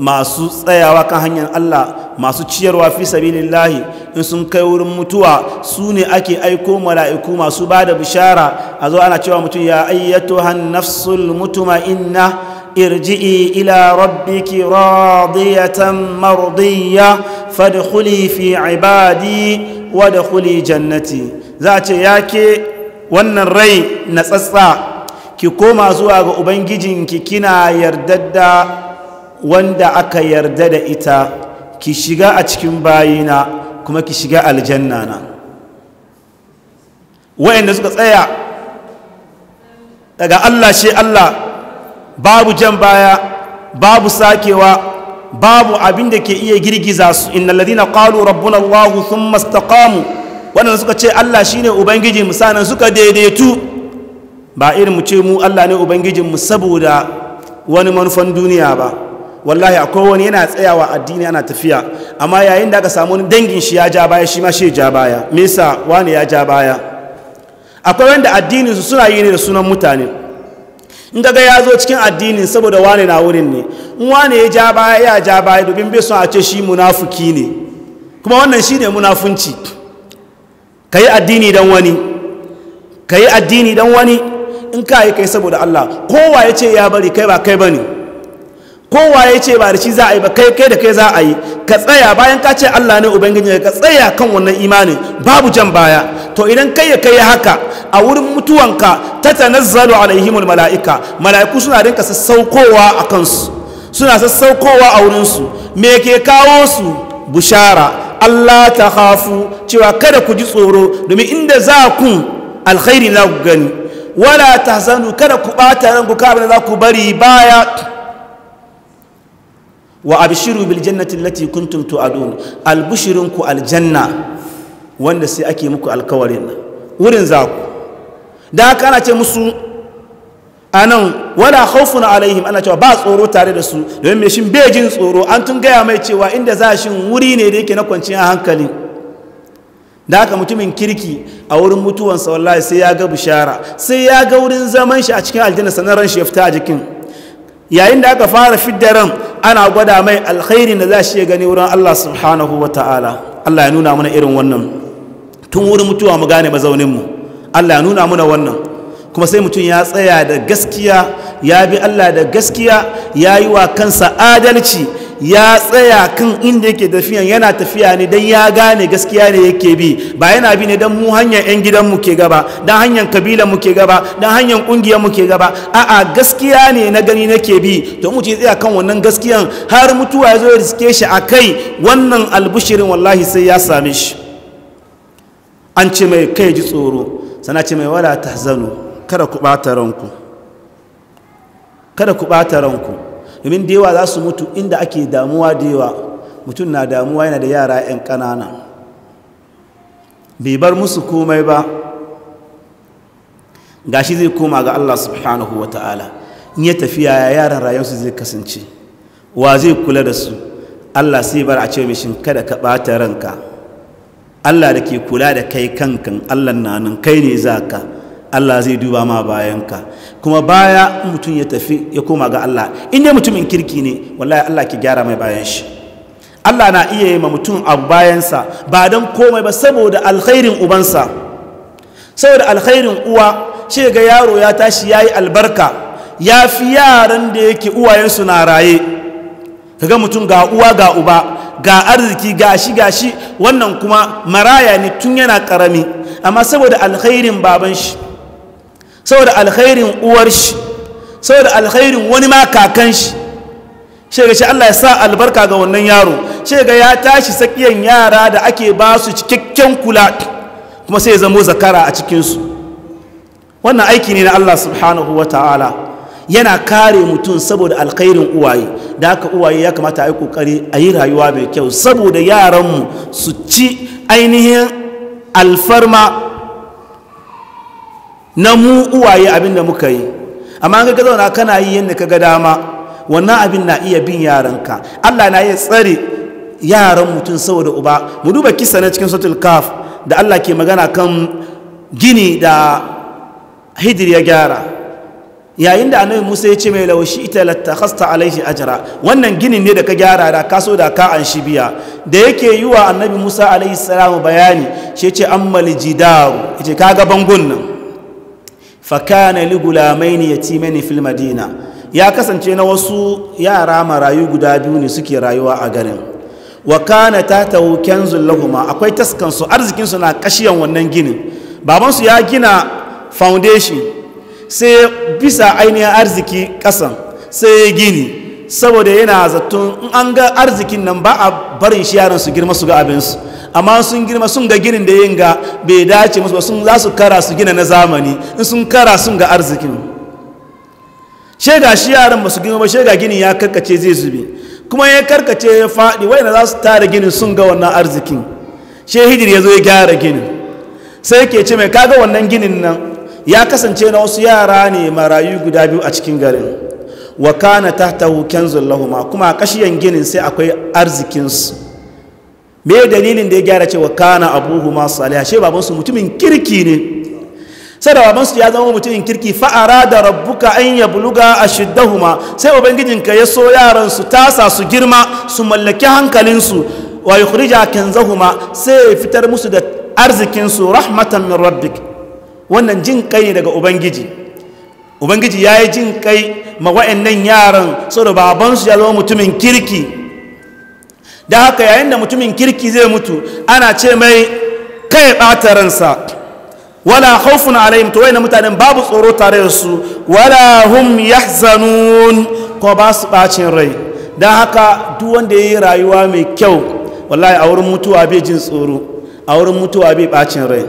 masu tsayawa kan hanyar Allah masu ciyarwa fi sabilillahi in sun kai wurin mutuwa su ne ake aiko mala'iku masu ba da bishara a zo ana cewa mutum ya ayyato hannafsul mutuma inna irji'i ila rabbiki radiyatan mardiya huli fi ibadi wa huli jannati za ce ya ke wannan rai na tsatsa ki koma zuwa ga ubangijinki kina yardadda wanda aka yarda da ita ki shiga a cikin bayina kuma ki shiga aljanna na wa'anda suka tsaya daga Allah shi Allah babu jan baya babu sakewa babu abin da ke iya girgiza su inna ladina qalu rabbuna Allah thumma istaqamu wannan suka ce Allah shine ubangiji musanan suka daidaitu ba irin mu ce mu Allah ne ubangijin mu saboda wani manufan duniya ba wallahi akwai wani yana tsayawa addini ana tafiya amma yayin da aka samu wani dangin shi ya ja baya shi ma shi ja baya me wani ya ja baya akwai wanda addinin su suna yi ne da sunan mutane in ga ya zo cikin addinin saboda wani na wurin ne in wani ya ja baya ya ja baya domin bai son a ce shi munafuki ne kuma wannan shi ne munafunci ka yi addini don wani ka yi addini don wani in ka yi kai saboda Allah kowa ya ce ya bari kai ba kai ba ne kowa ya ce ba da shi za a yi ba kai kai da kai za a yi ka tsaya bayan ka ce Allah ne ubangiji ka tsaya kan wannan imani babu jan baya to idan kai ya kai haka a wurin mutuwanka ta tanazzalu alaihimul mala'ika mala'iku suna rinka sassaukowa a kansu suna sassaukowa a wurinsu me ke kawo su bushara Allah ta khafu cewa kada ku ji tsoro domin inda za ku alkhairi na gani wala tahzanu kada ku bata ranku kabin za ku bari baya wa abshiru bil jannati allati kuntum tu'adun albushirin aljanna wanda sai ake muku alkawarin wurin za ku da haka ana ce musu anan wala khawfun alaihim ana cewa ba tsoro tare da su domin me shin bai jin tsoro an tun gaya mai cewa inda za shin wuri ne da yake na kwanciyar hankali da haka mutumin kirki a wurin mutuwansa wallahi sai ya ga bishara sai ya ga wurin zaman shi a cikin aljanna sannan ran shi ya fita a jikin yayin da aka fara fidda ran ana gwada mai alkhairi da za shi ya gani wurin Allah subhanahu wa ta'ala Allah ya nuna mana irin wannan tun wurin mutuwa mu gane mazauninmu Allah ya nuna mana wannan kuma sai mutum ya tsaya da gaskiya ya bi Allah da gaskiya ya yi wa kansa adalci ya tsaya kan inda yake tafiyan yana tafiya ne don ya gane gaskiya ne yake bi ba yana bi ne don mu hanyar 'yan gidanmu ke gaba don hanyar mu ke gaba don hanyar mu ke gaba a'a gaskiya ne na gani nake bi to mu ce tsaya kan wannan gaskiyan har mutuwa ya zo ya riske shi a kai wannan albushirin wallahi sai ya same shi an ce mai kai ji tsoro sana ce mai wala ta zano kada ku ɓata ranku kada ku ɓata ranku domin da yawa za su mutu inda ake damuwa da yawa mutum na damuwa yana da yara 'yan ƙanana bai bar musu komai ba gashi zai koma ga Allah subhanahu wa ta'ala in ya tafiya ya yaran rayuwarsu zai kasance wa zai kula da su Allah sai bar a ce mai shin kada ka ɓata ranka Allah da ke kula da kai kankan Allah na nan kai ne za ka Allah zai duba ma bayanka kuma baya mutum ya tafi ya koma ga Allah in dai mutumin kirki ne wallahi Allah ki gyara mai bayan shi Allah na iya yi ma mutum abu bayansa ba don komai ba saboda alkhairin ubansa saboda alkhairin uwa ce ga yaro ya tashi ya yi albarka ya fi yaran da yake uwayensu na raye ga mutum ga uwa ga uba ga arziki ga shi ga shi wannan kuma maraya ne tun yana karami amma saboda alkhairin baban shi saboda alkhairin uwar shi saboda alkhairin wani ma kakan shi ga shi Allah ya sa albarka ga wannan yaro ga ya tashi sakiyan yara da ake ba su cikakken kula kuma sai ya zamo zakara a cikin su wannan aiki ne na Allah subhanahu wa ta'ala yana kare mutum saboda alkhairin uwaye da aka uwaye ya kamata a yi kokari a yi rayuwa mai kyau saboda yaranmu su ci ainihin alfarma na mu uwaye abin da muka yi amma ga ka zauna kana yi yadda ka ga dama wannan abin na iya bin yaranka allah na iya tsare yaran mutum saboda uba mu duba kisa na cikin sotul kaf da allah ke magana kan gini da hidir ya gyara yayin da annabi musa ya ce mai laushi ita lattakhasta alaihi ajra wannan gini ne da ka gyara da ka so da ka an shi biya da yake yi wa annabi musa alaihi salamu bayani shi ce ammal jidaru yace kaga bangon nan fakana ya ci yatimani fil madina ya kasance na wasu yara marayu guda biyu ne suke rayuwa a garin wa ta ta kanzul lahuma akwai taskansu arzikinsu arzikin na kashiyan wannan ginin babansu ya gina foundation sai bisa ainihin arziki kasan sai ya gini saboda yana zaton in an ga arzikin nan ba a barin shi yaran su girma su ga abinsu amma sun girma sun ga ginin da yin ga bai dace musu ba sun za su kara su gina na zamani in sun kara sun ga arzikin shega shi yaran ba su ba shega ginin ya karkace zai zube kuma ya karkace ya faɗi wayana za su tara ginin sun ga wannan arzikin she hijir ya zo ya gyara ginin sai ke ce mai kaga wannan ginin nan ya kasance na wasu yara ne marayu guda biyu a cikin garin wa kana tahtahu kanzul lahum kuma kashiyan ginin sai akwai arzikinsu me dalilin da ya gyara cewa kana abuhu ma salih she babansu mutumin kirki ne sai da babansu ya zama mutumin kirki fa'ara da rabbuka an ya buluga a shiddahuma sai ubangijinka ya so yaran su tasa su girma su mallaki hankalin su, wa yukhrija kanzahuma sai ya fitar musu da arzikinsu rahmatan min rabbik wannan jin kai ne daga ubangiji ubangiji ya yi jin kai ma wa'annan yaran da babansu ya zama mutumin kirki da haka yayin da mutumin kirki zai mutu ana ce mai kai ɓata ransa wala khawfun alaihim to mutanen babu tsoro tare da su wala hum yahzanun ko ba su bacin rai da haka duk wanda yayi rayuwa mai kyau wallahi a wurin mutuwa bai jin tsoro a wurin mutuwa bai bacin rai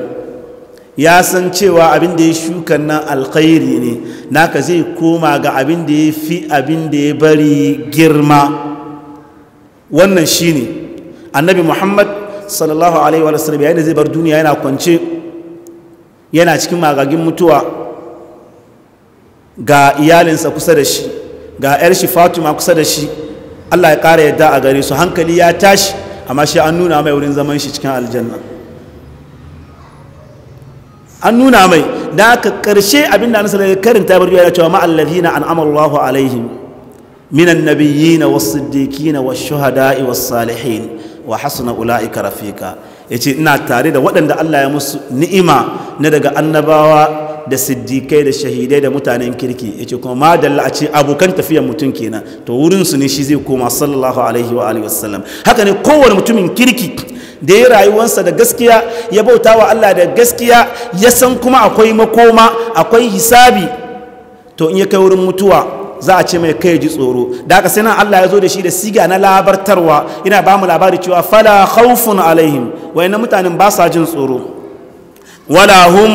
ya san cewa abin da ya shuka nan alkhairi ne naka zai koma ga abin da ya fi abin da ya bari girma wannan shi ne annabi muhammad sallallahu alaihi wa sallam yayin da zai bar duniya yana kwance yana cikin magagin mutuwa ga iyalinsa kusa da shi ga 'yar shi fatima kusa da shi allah ya kara yadda a gare su hankali ya tashi amma shi an nuna mai wurin zaman shi cikin aljanna an nuna mai da aka ƙarshe abinda an ya karin tabar biya cewa ma'allazina an amallahu alaihim من النبيين والصديقين والشهداء والصالحين وحسن أولئك رفيقا yace ina tare da waɗanda Allah ya musu ni'ima na daga annabawa da siddikai da shahidai da mutanen kirki yace kuma madalla a ce abokan tafiyar mutum kenan to wurin su ne shi zai koma sallallahu alaihi wa alihi wasallam haka ne kowane mutumin kirki da ya rayuwarsa da gaskiya ya bauta wa Allah da gaskiya ya san kuma akwai makoma akwai hisabi to in ya kai wurin mutuwa za a ce mai kai ji tsoro da haka sai nan Allah ya zo da shi da siga na labartarwa ina ba mu labari cewa fala khawfun alaihim wayannan mutanen ba sa jin tsoro wala hum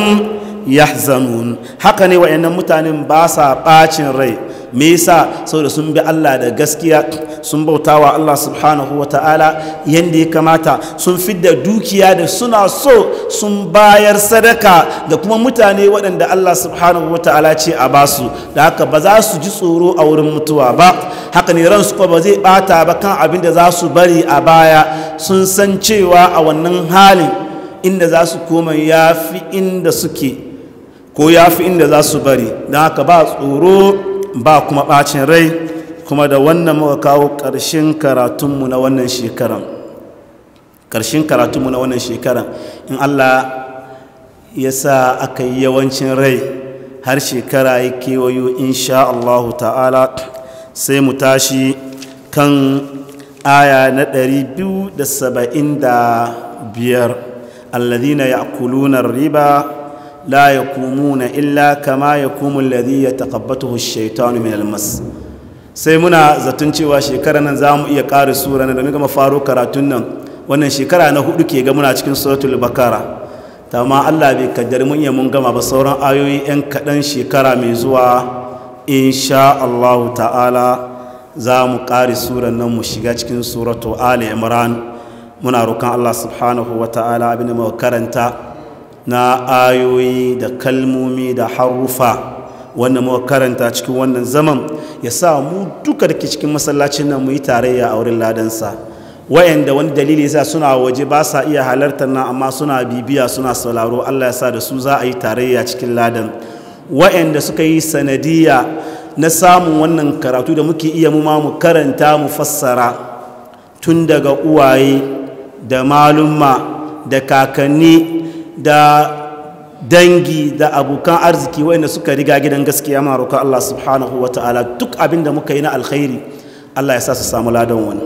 yahzanun haka ne wayannan mutanen ba sa bacin rai me yasa saboda sun bi Allah da gaskiya sun wa Allah subhanahu ta'ala yanda ya kamata sun fidda dukiya da suna so sun bayar sadaka da kuma mutane waɗanda Allah subhanahu ta'ala ce a basu da haka ba za su ji tsoro a wurin mutuwa ba haka ne ransu ko ba zai bata ba kan abin da za su bari a baya sun san cewa a wannan halin inda za su koma ya fi inda suke ko ya fi inda za su bari don haka ba tsoro ba kuma ɓacin rai kuma da wannan muka kawo ƙarshen karatunmu na wannan shekaran ƙarshen karatunmu na wannan shekaran in allah ya sa aka yi yawancin rai har shekara ya kewayo insha allahu ta'ala sai mu tashi kan aya na 275 alladhina ya'kuluna riba لا يقومون illa كما يقوم الذي يتقبطه الشيطان من المس sai muna zaton cewa shekara nan mu iya ƙara sura nan domin gama faro karatun nan wannan shekara na hudu ke ga muna cikin suratul bakara ta ma Allah bai kaddar mun iya mun gama ba sauran ayoyi yan kaɗan shekara mai zuwa insha Allah ta'ala za mu ƙari suran nan mu shiga cikin suratu ali imran muna roƙon Allah subhanahu wa ta'ala abin da mu karanta na ayoyi da kalmomi da harufa wannan muka karanta cikin wannan zaman ya sa mu duka da ke cikin masallacin nan mu yi tarayya a wurin ladansa wayanda wani dalili yasa suna waje ba sa iya halartar nan amma suna bibiya suna sauraro Allah ya sa da su za a yi tarayya cikin ladan wayanda suka yi sanadiya na samun wannan karatu da muke iya mu ma mu karanta mu fassara tun daga uwaye da malumma da kakanni da dangi da abokan arziki wanda suka riga gidan gaskiya ma roƙon Allah subhanahu wa ta'ala duk abin da muka yi na alkhairi Allah ya sa su samu ladan wani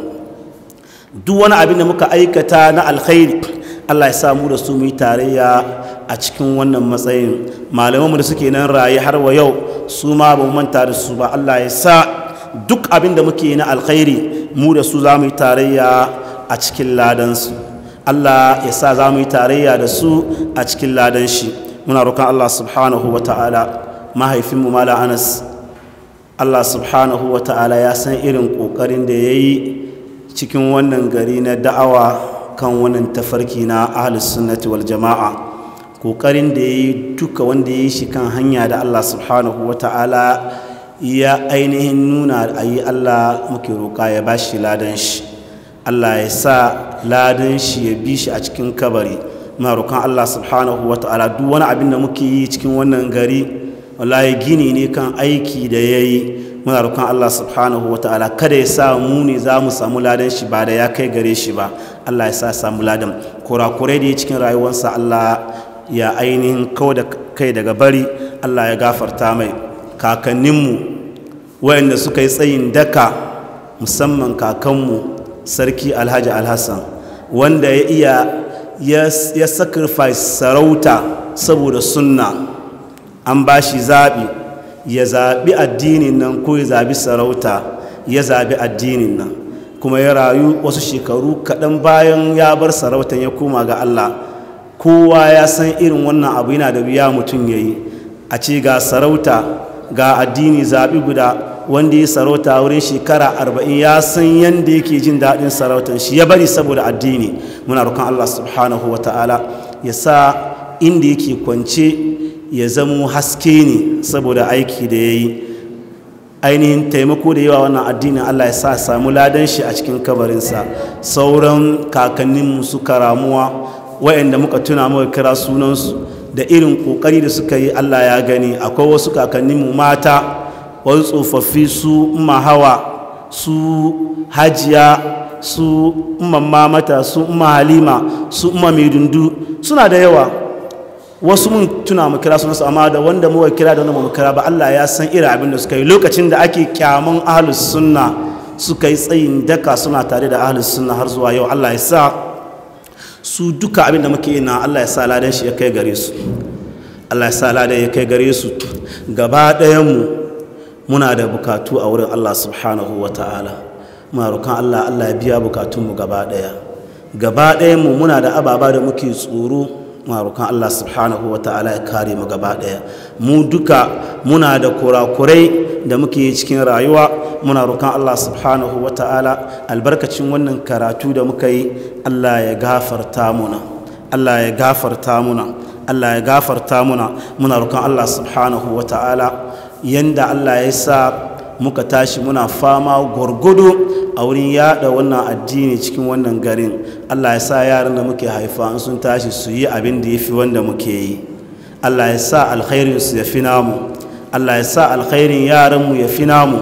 duk wani abin da muka aikata na alkhairi Allah ya samu da su mu yi tarayya a cikin wannan matsayin malamanmu da suke nan raye har wa yau su ma ba mu manta da su ba Allah ya sa duk abin da muke na alkhairi mu da su za mu yi tarayya a cikin ladansu Allah ya sa za mu yi tarayya da su a cikin ladan shi muna roƙon Allah subhanahu wa ta'ala mahaifinmu mala anas Allah subhanahu wa ta'ala ya san irin ƙoƙarin da ya yi cikin wannan gari na da'awa kan wannan tafarki na ahalus sunnati wal jama'a ƙoƙarin da ya yi duka wanda ya yi shi kan hanya da Allah subhanahu wa ta'ala ya ainihin nuna a yi Allah muke roƙa ya bashi shi ladan shi Allah ya sa ladan shi ya bi shi a cikin kabari marukan Allah subhanahu wa ta'ala duk wani abin da muke yi cikin wannan gari wallahi gini ne kan aiki da ya yi Allah subhanahu wa ta'ala kada ya sa mu ne za mu samu ladan shi ba da ya kai gare shi ba Allah ya sa samu ladan kurakurai da ya cikin rayuwarsa Allah ya ainihin kawo da kai daga bari Allah ya gafarta mai kakanninmu wayanda suka yi tsayin daka musamman kakanmu sarki alhaji alhassan wanda ya iya ya sacrifice sarauta saboda sunna an ba shi zaɓi ya zaɓi addinin nan ko ya zaɓi sarauta ya zaɓi addinin nan kuma ya rayu wasu shekaru kaɗan bayan ya bar sarautan ya koma ga allah kowa ya san irin wannan abu yana da wuya mutum ya yi a ce ga sarauta ga addini zaɓi guda wanda ya sarauta wurin shekara arba'in ya san yadda yake jin daɗin sarautar shi ya bari saboda addini muna roƙon Allah subhanahu wa ta'ala ya sa inda yake kwance ya zamo haske ne saboda aiki da ya yi ainihin taimako da yawa wannan addinin Allah ya sa samu ladan shi a cikin kabarinsa sauran kakanninmu suka karamuwa wa'anda muka tuna muka kira sunansu da irin ƙoƙari da suka yi Allah ya gani akwai wasu kakanninmu mata wai tsofaffi su hawa su hajiya su mamamata, su halima su mai dundu suna da yawa wasu mun tuna mu kira sunansu amma da wanda muka kira da wanda muka kira ba Allah ya san irin abin da suka yi lokacin da ake kyamun ahlus sunna suka yi tsayin daka suna tare da ahlus sunna har zuwa yau Allah ya sa su duka abin da muke yi na Allah ya sa ladan shi ya kai gare su Allah ya sa ladan ya kai gare su gaba ɗayan mu muna da bukatu a wurin Allah subhanahu wa ta'ala muna rukan Allah Allah ya biya bukatunmu gaba ɗaya gaba ɗaya mu muna da ababa da muke tsoro muna rukan Allah subhanahu wa ta'ala ya kare mu gaba ɗaya mu duka muna da kurakurai da muke cikin rayuwa muna rukan Allah subhanahu wa ta'ala albarkacin wannan karatu da muka yi Allah ya gafarta muna Allah ya gafarta muna Allah ya gafarta muna muna rukan Allah subhanahu wa ta'ala yanda Allah ya sa muka tashi muna fama gwargwado a wurin yada wannan addini cikin wannan garin allah ya sa yaran da muke haifa in sun tashi su yi abin da ya fi wanda muke yi allah ya sa alkhairin su ya fi namu allah ya sa alkhairin yaranmu ya fi namu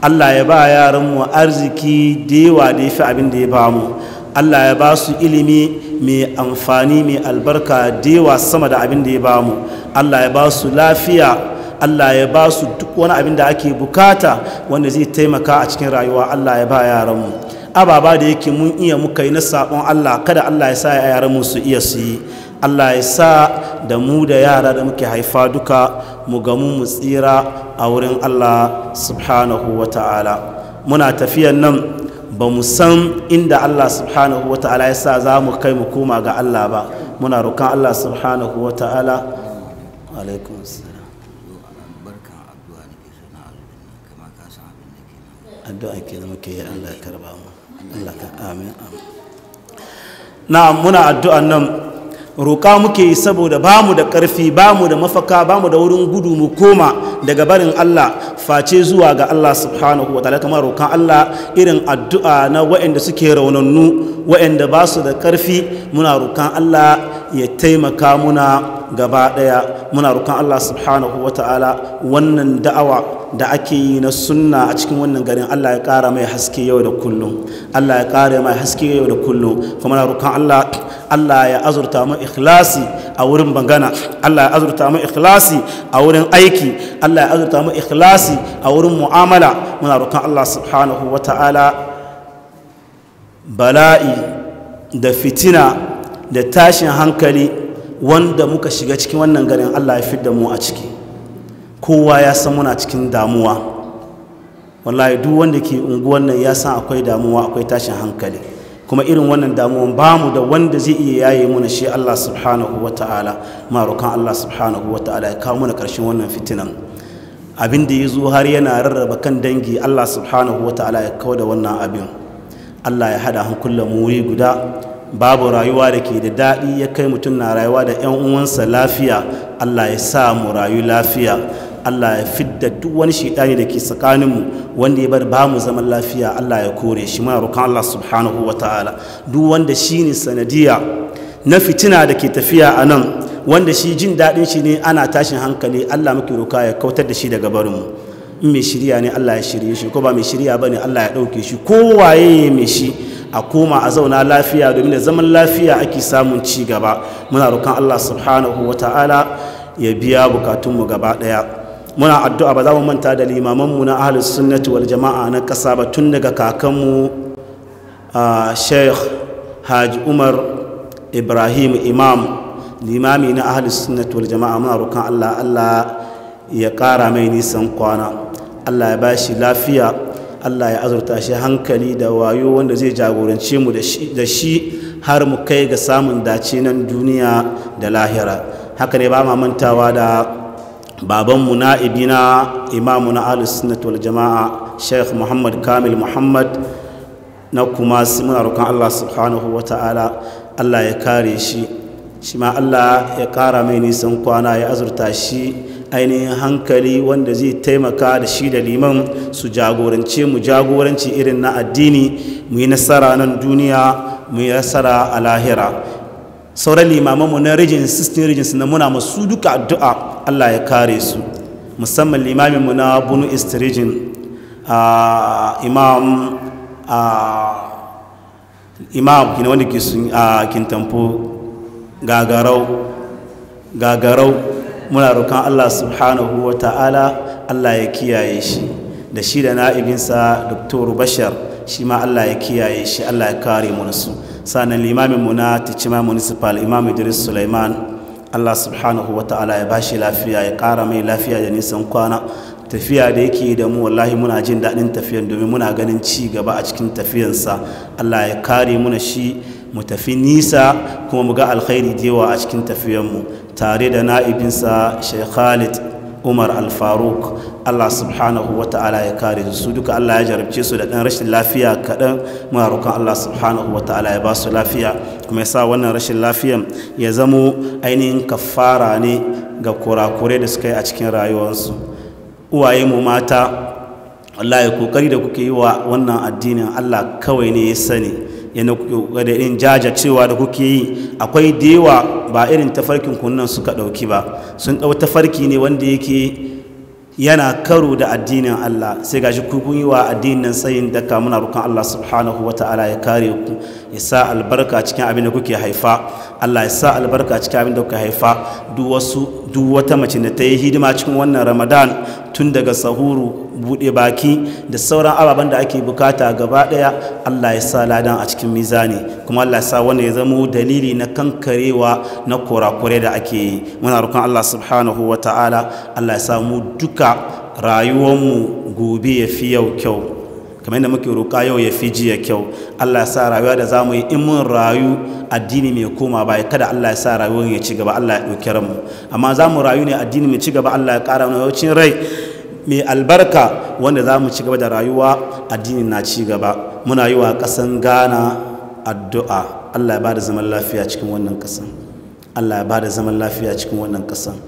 allah ya ba yaranmu arziki da yawa da ya fi abin da ya ba mu allah ya ba su ilimi mai amfani mai albarka da yawa sama da abin da ya ba mu allah ya ba su lafiya Allah ya ba su duk wani abin da ake bukata wanda zai taimaka a cikin rayuwa Allah ya ba mu ababa da yake mun iya muka yi na sabon Allah kada Allah ya sa yaranmu su iya su yi Allah ya sa da mu da yara da muke haifa duka mu gamu mu tsira a wurin Allah subhanahu wa ta'ala muna tafiyan nan ba mu san inda Allah subhanahu wa ta'ala ya sa za mu kai mu koma ga Allah ba muna roƙon Allah subhanahu wa ta'ala alaikum addu'a ke da muke yi Allah ya karba mu Allah ka amin na muna addu'an nan roƙa muke yi saboda ba mu da ƙarfi ba mu da mafaka ba mu da wurin gudu mu koma daga barin Allah face zuwa ga Allah subhanahu wa ta'ala kamar roƙan Allah irin addu'a na waɗanda suke raunannu waɗanda ba su da ƙarfi muna roƙan Allah ya taimaka muna gaba ɗaya muna roƙon Allah subhanahu ta'ala wannan da'awa da ake yi na sunna a cikin wannan garin Allah ya ƙara mai haske yau da kullum Allah ya ƙara mai haske yau da kullum kuma muna roƙon Allah Allah ya azurta mu ikhlasi a wurin bangana Allah ya azurta mu ikhlasi a wurin aiki Allah ya azurta mu ikhlasi a wurin mu'amala muna roƙon Allah subhanahu ta'ala bala'i da fitina da tashin hankali wanda muka shiga cikin wannan garin allah ya fi da mu a ciki kowa ya san muna cikin damuwa wallahi duk wanda ke unguwan nan ya san akwai damuwa akwai tashin hankali kuma irin wannan damuwan ba mu da wanda zai iya yaye muna shi allah subhanahu wa ta'ala marukan allah subhanahu wa ta'ala ya kawo muna karshen wannan fitinan abin da ya zo har yana rarraba kan dangi allah subhanahu wa ta'ala ya kawo da wannan abin allah ya hada hankulan mu wuri guda babu rayuwa da ke da daɗi ya kai mutum na rayuwa da 'yan uwansa lafiya allah ya sa mu rayu lafiya allah ya fidda duk wani shiɗani da ke tsakaninmu wanda ya bar ba mu zaman lafiya allah ya kore shi muna roƙon allah subhanahu wa ta'ala duk wanda shi ne sanadiya na fitina da ke tafiya a nan wanda shi jin daɗin shi ne ana tashin hankali allah muke roƙa ya kautar da shi daga barinmu in mai shirya ne allah ya shirye shi ko ba mai shirya ba ne allah ya ɗauke shi Ko waye mai shi a koma a zauna lafiya domin da zaman lafiya ake samun ci gaba muna roƙon Allah subhanahu wata'ala ya biya bukatunmu gaba ɗaya muna addu'a ba za mu manta da limamanmu na ahlus sunnati wal jama'a na ƙasa ba tun daga kakanmu sheikh haji umar ibrahim imam limami na ahlus sunnati wal jama'a muna roƙon Allah Allah ya ƙara mai nisan kwana Allah ya bashi lafiya Allah ya azurta shi hankali da wayo wanda zai jagorance mu da shi har mu kai ga samun dace nan duniya da lahira haka ne ba ma mantawa da babanmu Na'ibina, na imamu na alisunnat wal jama'a sheikh muhammad kamil muhammad na kuma muna roƙon Allah subhanahu wa ta'ala Allah ya kare shi shi ma Allah ya kara mai nisan kwana ya azurta shi ainihin hankali wanda zai taimaka da shi da liman su jagorance mu jagoranci irin na addini mu yi nasara nan duniya mu yi nasara a lahira sauran limamanmu na rijin sistin rijinsu na muna masu duka addu'a allah ya kare su musamman limaminmu na bunu east region imam imam kina wanda ke sun a gagarau gagarau muna rukan Allah subhanahu wa ta'ala Allah ya kiyaye shi da shi da na'ibinsa Dr. Bashar shi ma Allah ya kiyaye shi Allah ya kare mu nasu sanan limamin mu na Ticima Municipal Imam Idris Sulaiman Allah subhanahu wa ta'ala ya bashi lafiya ya kara mai lafiya da nisan kwana tafiya da yake da mu wallahi muna jin daɗin tafiyan domin muna ganin ci gaba a cikin tafiyansa Allah ya kare muna shi mu tafi nisa kuma mu ga alkhairi da yawa a cikin mu. tare da na'ibinsa Sheikh Khalid Umar alfaruk faruq Allah subhanahu wa ta'ala ya kare su duka Allah ya jarabce su da ɗan rashin lafiya kaɗan muna Allah subhanahu wa ta'ala ya ba su lafiya kuma ya sa wannan rashin lafiyan ya zamo ainihin kafara ne ga kurakurai da suka yi a cikin rayuwarsu uwaye mu mata wallahi kokari da kuke yi wa wannan addinin Allah kawai ne ya sani yana kokarin jajacewa da kuke yi akwai dewa ba irin tafarkin kunnan suka ɗauki ba sun ɗau tafarki ne wanda yake yana karo da addinin Allah sai gashi ku kun yi wa addinin tsayin daka muna roƙon Allah subhanahu wa ta'ala ya kare ku ya sa albarka cikin abin da kuke haifa Allah ya sa albarka cikin abin da kuke haifa duk wasu duk wata mace da ta yi hidima cikin wannan Ramadan tun daga sahuru buɗe baki da sauran ababen da ake bukata gaba ɗaya Allah ya sa ladan a cikin mizani kuma Allah ya sa wanda ya zama dalili na kankarewa na kurakure da ake yi muna roƙon Allah subhanahu wa ta'ala Allah ya sa mu duka rayuwarmu gobe ya fi yau kyau kamar yadda muke roƙa yau ya fi jiya kyau Allah ya sa rayuwa da zamu yi in mun rayu addini mai koma ba kada Allah ya sa rayuwar ya ci gaba Allah ya ɗauki ranmu amma za mu rayu ne addini mai ci gaba Allah ya kara mana yaucin rai mai albarka wanda za mu ci gaba da rayuwa addini na ci gaba muna yi wa ƙasan gana addu'a allah ya ba da zaman lafiya cikin wannan ƙasan allah ya ba da zaman lafiya cikin wannan ƙasan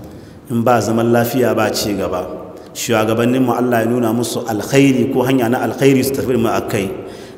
in ba zaman lafiya ba ci gaba shugabanninmu allah ya nuna musu alkhairi ko hanya na alkhairi su tafi mu akai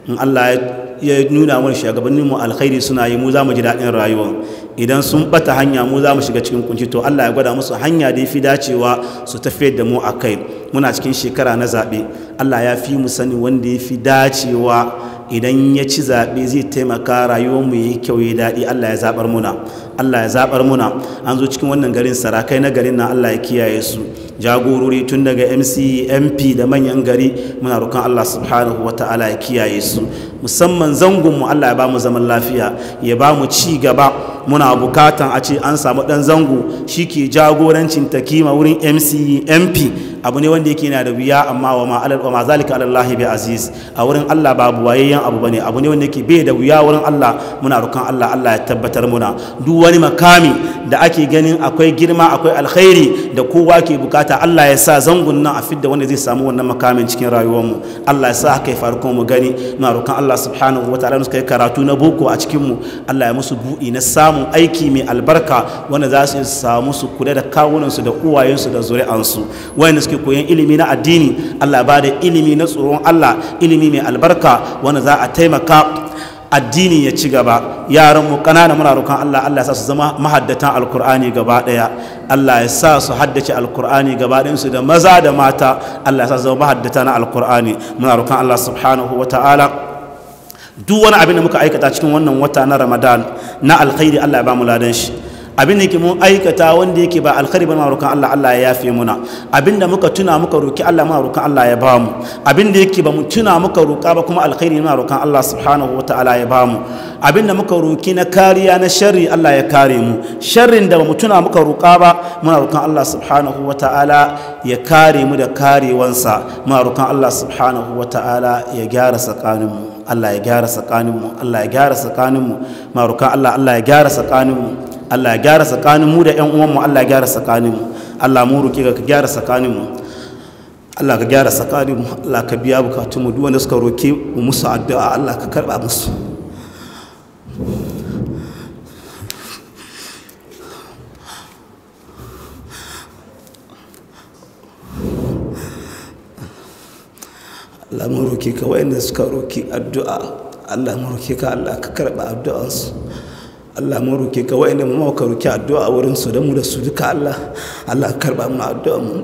in allah ya nuna mana shugabanninmu alkhairi suna yi mu za mu ji daɗin rayuwa idan sun bata hanya mu za mu shiga cikin kunci to Allah ya gwada musu hanya da yafi dacewa su tafi da mu a kai muna cikin shekara na zaɓe Allah ya fi mu sani wanda yafi dacewa idan ya ci zaɓe zai taimaka rayuwar mu yi kyau ya daɗi Allah ya zaɓar muna Allah ya zaɓar muna an zo cikin wannan garin sarakai na garin nan Allah ya kiyaye su jagorori tun daga mc mp da manyan gari muna roƙon allah subhanahu wa ta'ala ya kiyaye su musamman zangonmu allah ya ba mu zaman lafiya ya ba mu ci gaba muna bukatan a ce an samu ɗan zango shi ke jagorancin takima wurin mp. abu ne wanda yake yana da wuya amma wa ma alallahi bi aziz a wurin Allah babu wayayyan abu bane abu ne wanda yake bai da wuya wurin Allah muna rukan Allah Allah ya tabbatar muna duk wani makami da ake ganin akwai girma akwai alkhairi da kowa ke bukata Allah ya sa zangon nan a fidda wanda zai samu wannan makamin cikin rayuwar mu Allah ya sa haka ya faru kuma mu gani muna rukan Allah subhanahu wa ta'ala musu kai karatu na boko a cikin mu Allah ya musu bu'i na samun aiki mai albarka wanda za su samu su kula da kawunansu da uwayensu da zuri'ansu wanda suke koyan ilimi na addini Allah ba da ilimi na tsoron Allah ilimi mai albarka wanda za a taimaka addini ya ci gaba yaran mu kanana muna roƙon Allah Allah ya sa su zama mahaddatan alkur'ani gaba daya Allah ya sa su haddace alkur'ani gaba ɗayan su da maza da mata Allah ya sa su zama mahaddata na alkur'ani muna roƙon Allah subhanahu wataala duk wani abin da muka aikata cikin wannan wata na Ramadan na alkhairi Allah ya ba mu ladan shi abin da yake mun aikata wanda yake ba alkhairi ba muna Allah Allah ya yafe muna abin da muka tuna muka roƙi Allah muna Allah ya ba mu abin da yake ba mu tuna muka roƙa ba kuma alkhairi muna roƙon Allah subhanahu wa ta'ala ya ba mu abin da muka roƙi na kariya na sharri Allah ya kare mu sharrin da ba mu tuna muka roƙa ba muna Allah subhanahu wa ta'ala ya kare mu da karewansa muna Allah subhanahu wa ta'ala ya gyara tsakaninmu Allah ya gyara Allah ya gyara Allah Allah ya gyara tsakaninmu Allah ya gyara tsakanin mu da ƴan uwan mu Allah ya gyara tsakanin mu Allah mu roke ka gyara tsakanin mu Allah ka gyara tsakanin mu Allah ka biya bukatun mu duk wanda suka roke mu musu addu'a Allah ka karba musu Allah mu roke ka wayanda suka roke addu'a Allah mu roke ka Allah ka karba addu'ansu Allah mun roke ka wa'anda mu maka roke addu'a a wurin su da mu da su duka Allah Allah karba mu addu'a mu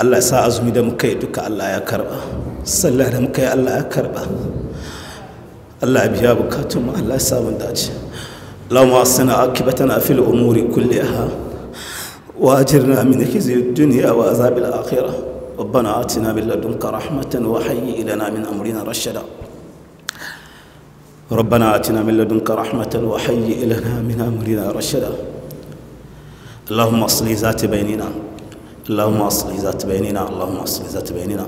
Allah sa azumi da muka yi duka Allah ya karba sallah da muka yi Allah ya karba Allah ya biya bukatun mu Allah ya sa mun dace اللهم أحسن عاقبتنا في الأمور كلها وأجرنا من خزي الدنيا وعذاب الآخرة ربنا آتنا من لدنك رحمة وحي إلينا من أمرنا رشدا ربنا آتنا من لدنك رحمة وحي لنا من أمرنا رشدا اللهم أصلي ذات بيننا اللهم أصلي ذات بيننا اللهم أصلي ذات بيننا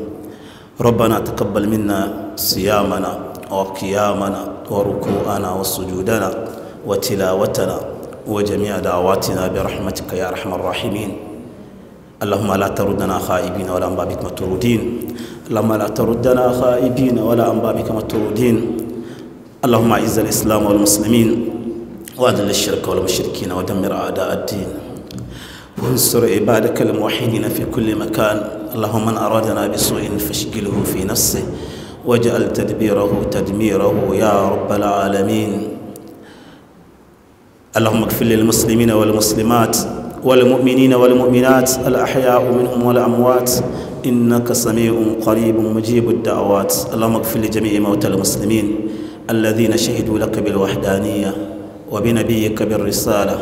ربنا تقبل منا صيامنا وقيامنا وركوعنا وسجودنا وتلاوتنا وجميع دعواتنا برحمتك يا أرحم الراحمين اللهم لا تردنا خائبين ولا أنبابك مطرودين اللهم لا تردنا خائبين ولا أنبابك مطرودين اللهم اعز الاسلام والمسلمين واذل الشرك والمشركين ودمر اعداء الدين وانصر عبادك الموحدين في كل مكان اللهم من ارادنا بسوء فاشغله في نفسه واجعل تدبيره تدميره يا رب العالمين اللهم اغفر للمسلمين والمسلمات والمؤمنين والمؤمنات الأحياء منهم والأموات إنك سميع قريب مجيب الدعوات اللهم اغفر لجميع موتى المسلمين الذين شهدوا لك بالوحدانية وبنبيك بالرسالة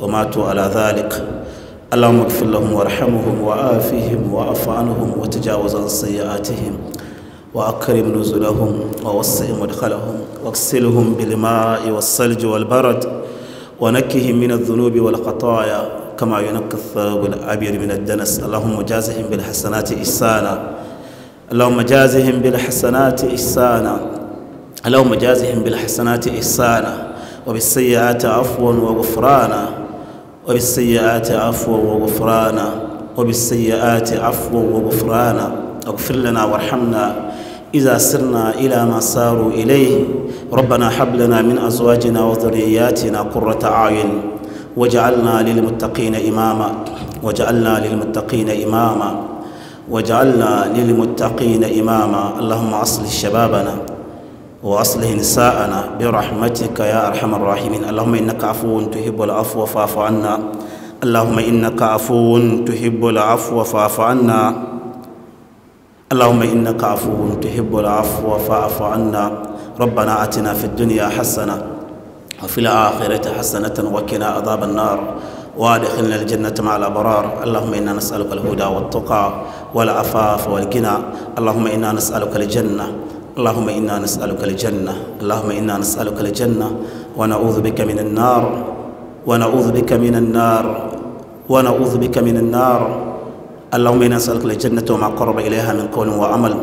وماتوا على ذلك اللهم اغفر لهم وارحمهم وآفهم وأعف عنهم وتجاوز عن سيئاتهم وأكرم نزلهم ووسع مدخلهم واغسلهم بالماء والثلج والبرد ونكهم من الذنوب والخطايا كما ينقى الثوب الأبيض من الدنس اللهم جازهم بالحسنات إحسانا اللهم جازهم بالحسنات إحسانا اللهم جازهم بالحسنات إحسانا وبالسيئات عفوا وغفرانا وبالسيئات عفوا وغفرانا وبالسيئات عفوا وغفرانا اغفر لنا وارحمنا إذا سرنا إلى ما ساروا إليه ربنا حب لنا من أزواجنا وذرياتنا قرة أعين وجعلنا للمتقين إماما وجعلنا للمتقين إماما وجعلنا للمتقين إماما اللهم أصلح شبابنا وأصله نساءنا برحمتك يا أرحم الراحمين اللهم إنك عفو تحب العفو فاعف عنا اللهم إنك عفو تحب العفو فاعف عنا اللهم إنك عفو تحب العفو فاعف عنا ربنا آتنا في الدنيا حسنة وفي الآخرة حسنة وقنا عذاب النار وادخلنا الجنة مع الأبرار اللهم إنا نسألك الهدى والتقى والعفاف والغنى اللهم إنا نسألك الجنة اللهم إنا نسألك الجنة اللهم إنا نسألك الجنة ونعوذ بك من النار ونعوذ بك من النار ونعوذ بك من النار اللهم إنا نسألك الجنة وما قرب إليها من قول وعمل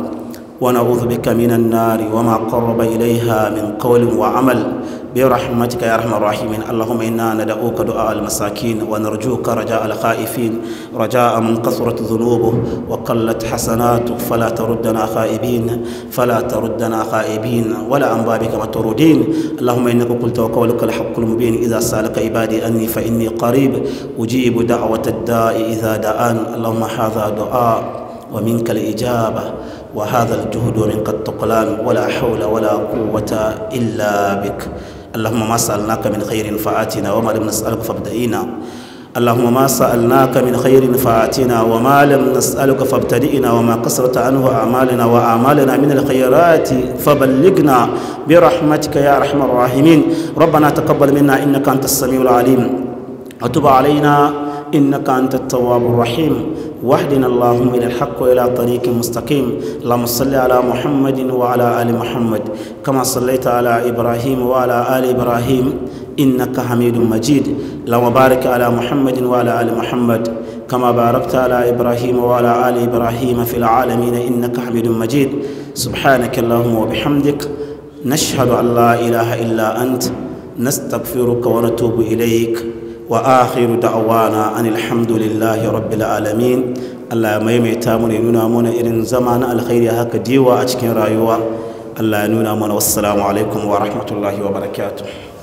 ونعوذ بك من النار وما قرب إليها من قول وعمل برحمتك يا أرحم الراحمين اللهم إنا ندعوك دعاء المساكين ونرجوك رجاء الخائفين رجاء من قصرت ذنوبه وقلت حسناته فلا تردنا خائبين فلا تردنا خائبين ولا عن بابك مطرودين اللهم إنك قلت وقولك الحق المبين إذا سألك عبادي أني فإني قريب أجيب دعوة الداء إذا دعان اللهم هذا دعاء ومنك الإجابة وهذا الجهد من قد تقلان ولا حول ولا قوة إلا بك اللهم ما سألناك من خير فآتنا وما لم نسألك فابدئينا اللهم ما سألناك من خير فآتنا وما لم نسألك فابتدئنا وما قصرت عنه أعمالنا وأعمالنا من الخيرات فبلغنا برحمتك يا أرحم الراحمين ربنا تقبل منا إنك أنت السميع العليم وتب علينا إنك أنت التواب الرحيم واهدنا اللهم إلى الحق وإلى طريق مستقيم اللهم صل على محمد وعلى آل محمد كما صليت على إبراهيم وعلى آل إبراهيم إنك حميد مجيد اللهم بارك على محمد وعلى آل محمد كما باركت على إبراهيم وعلى آل إبراهيم في العالمين إنك حميد مجيد سبحانك اللهم وبحمدك نشهد أن لا إله إلا أنت نستغفرك ونتوب إليك وآخر دعوانا أن الحمد لله رب العالمين الله ya maimaita mu nuna mana irin zama na alkhairi haka diwa a cikin rayuwa Allah ya nuna mana wassalamu alaikum wa rahmatullahi wa barakatuh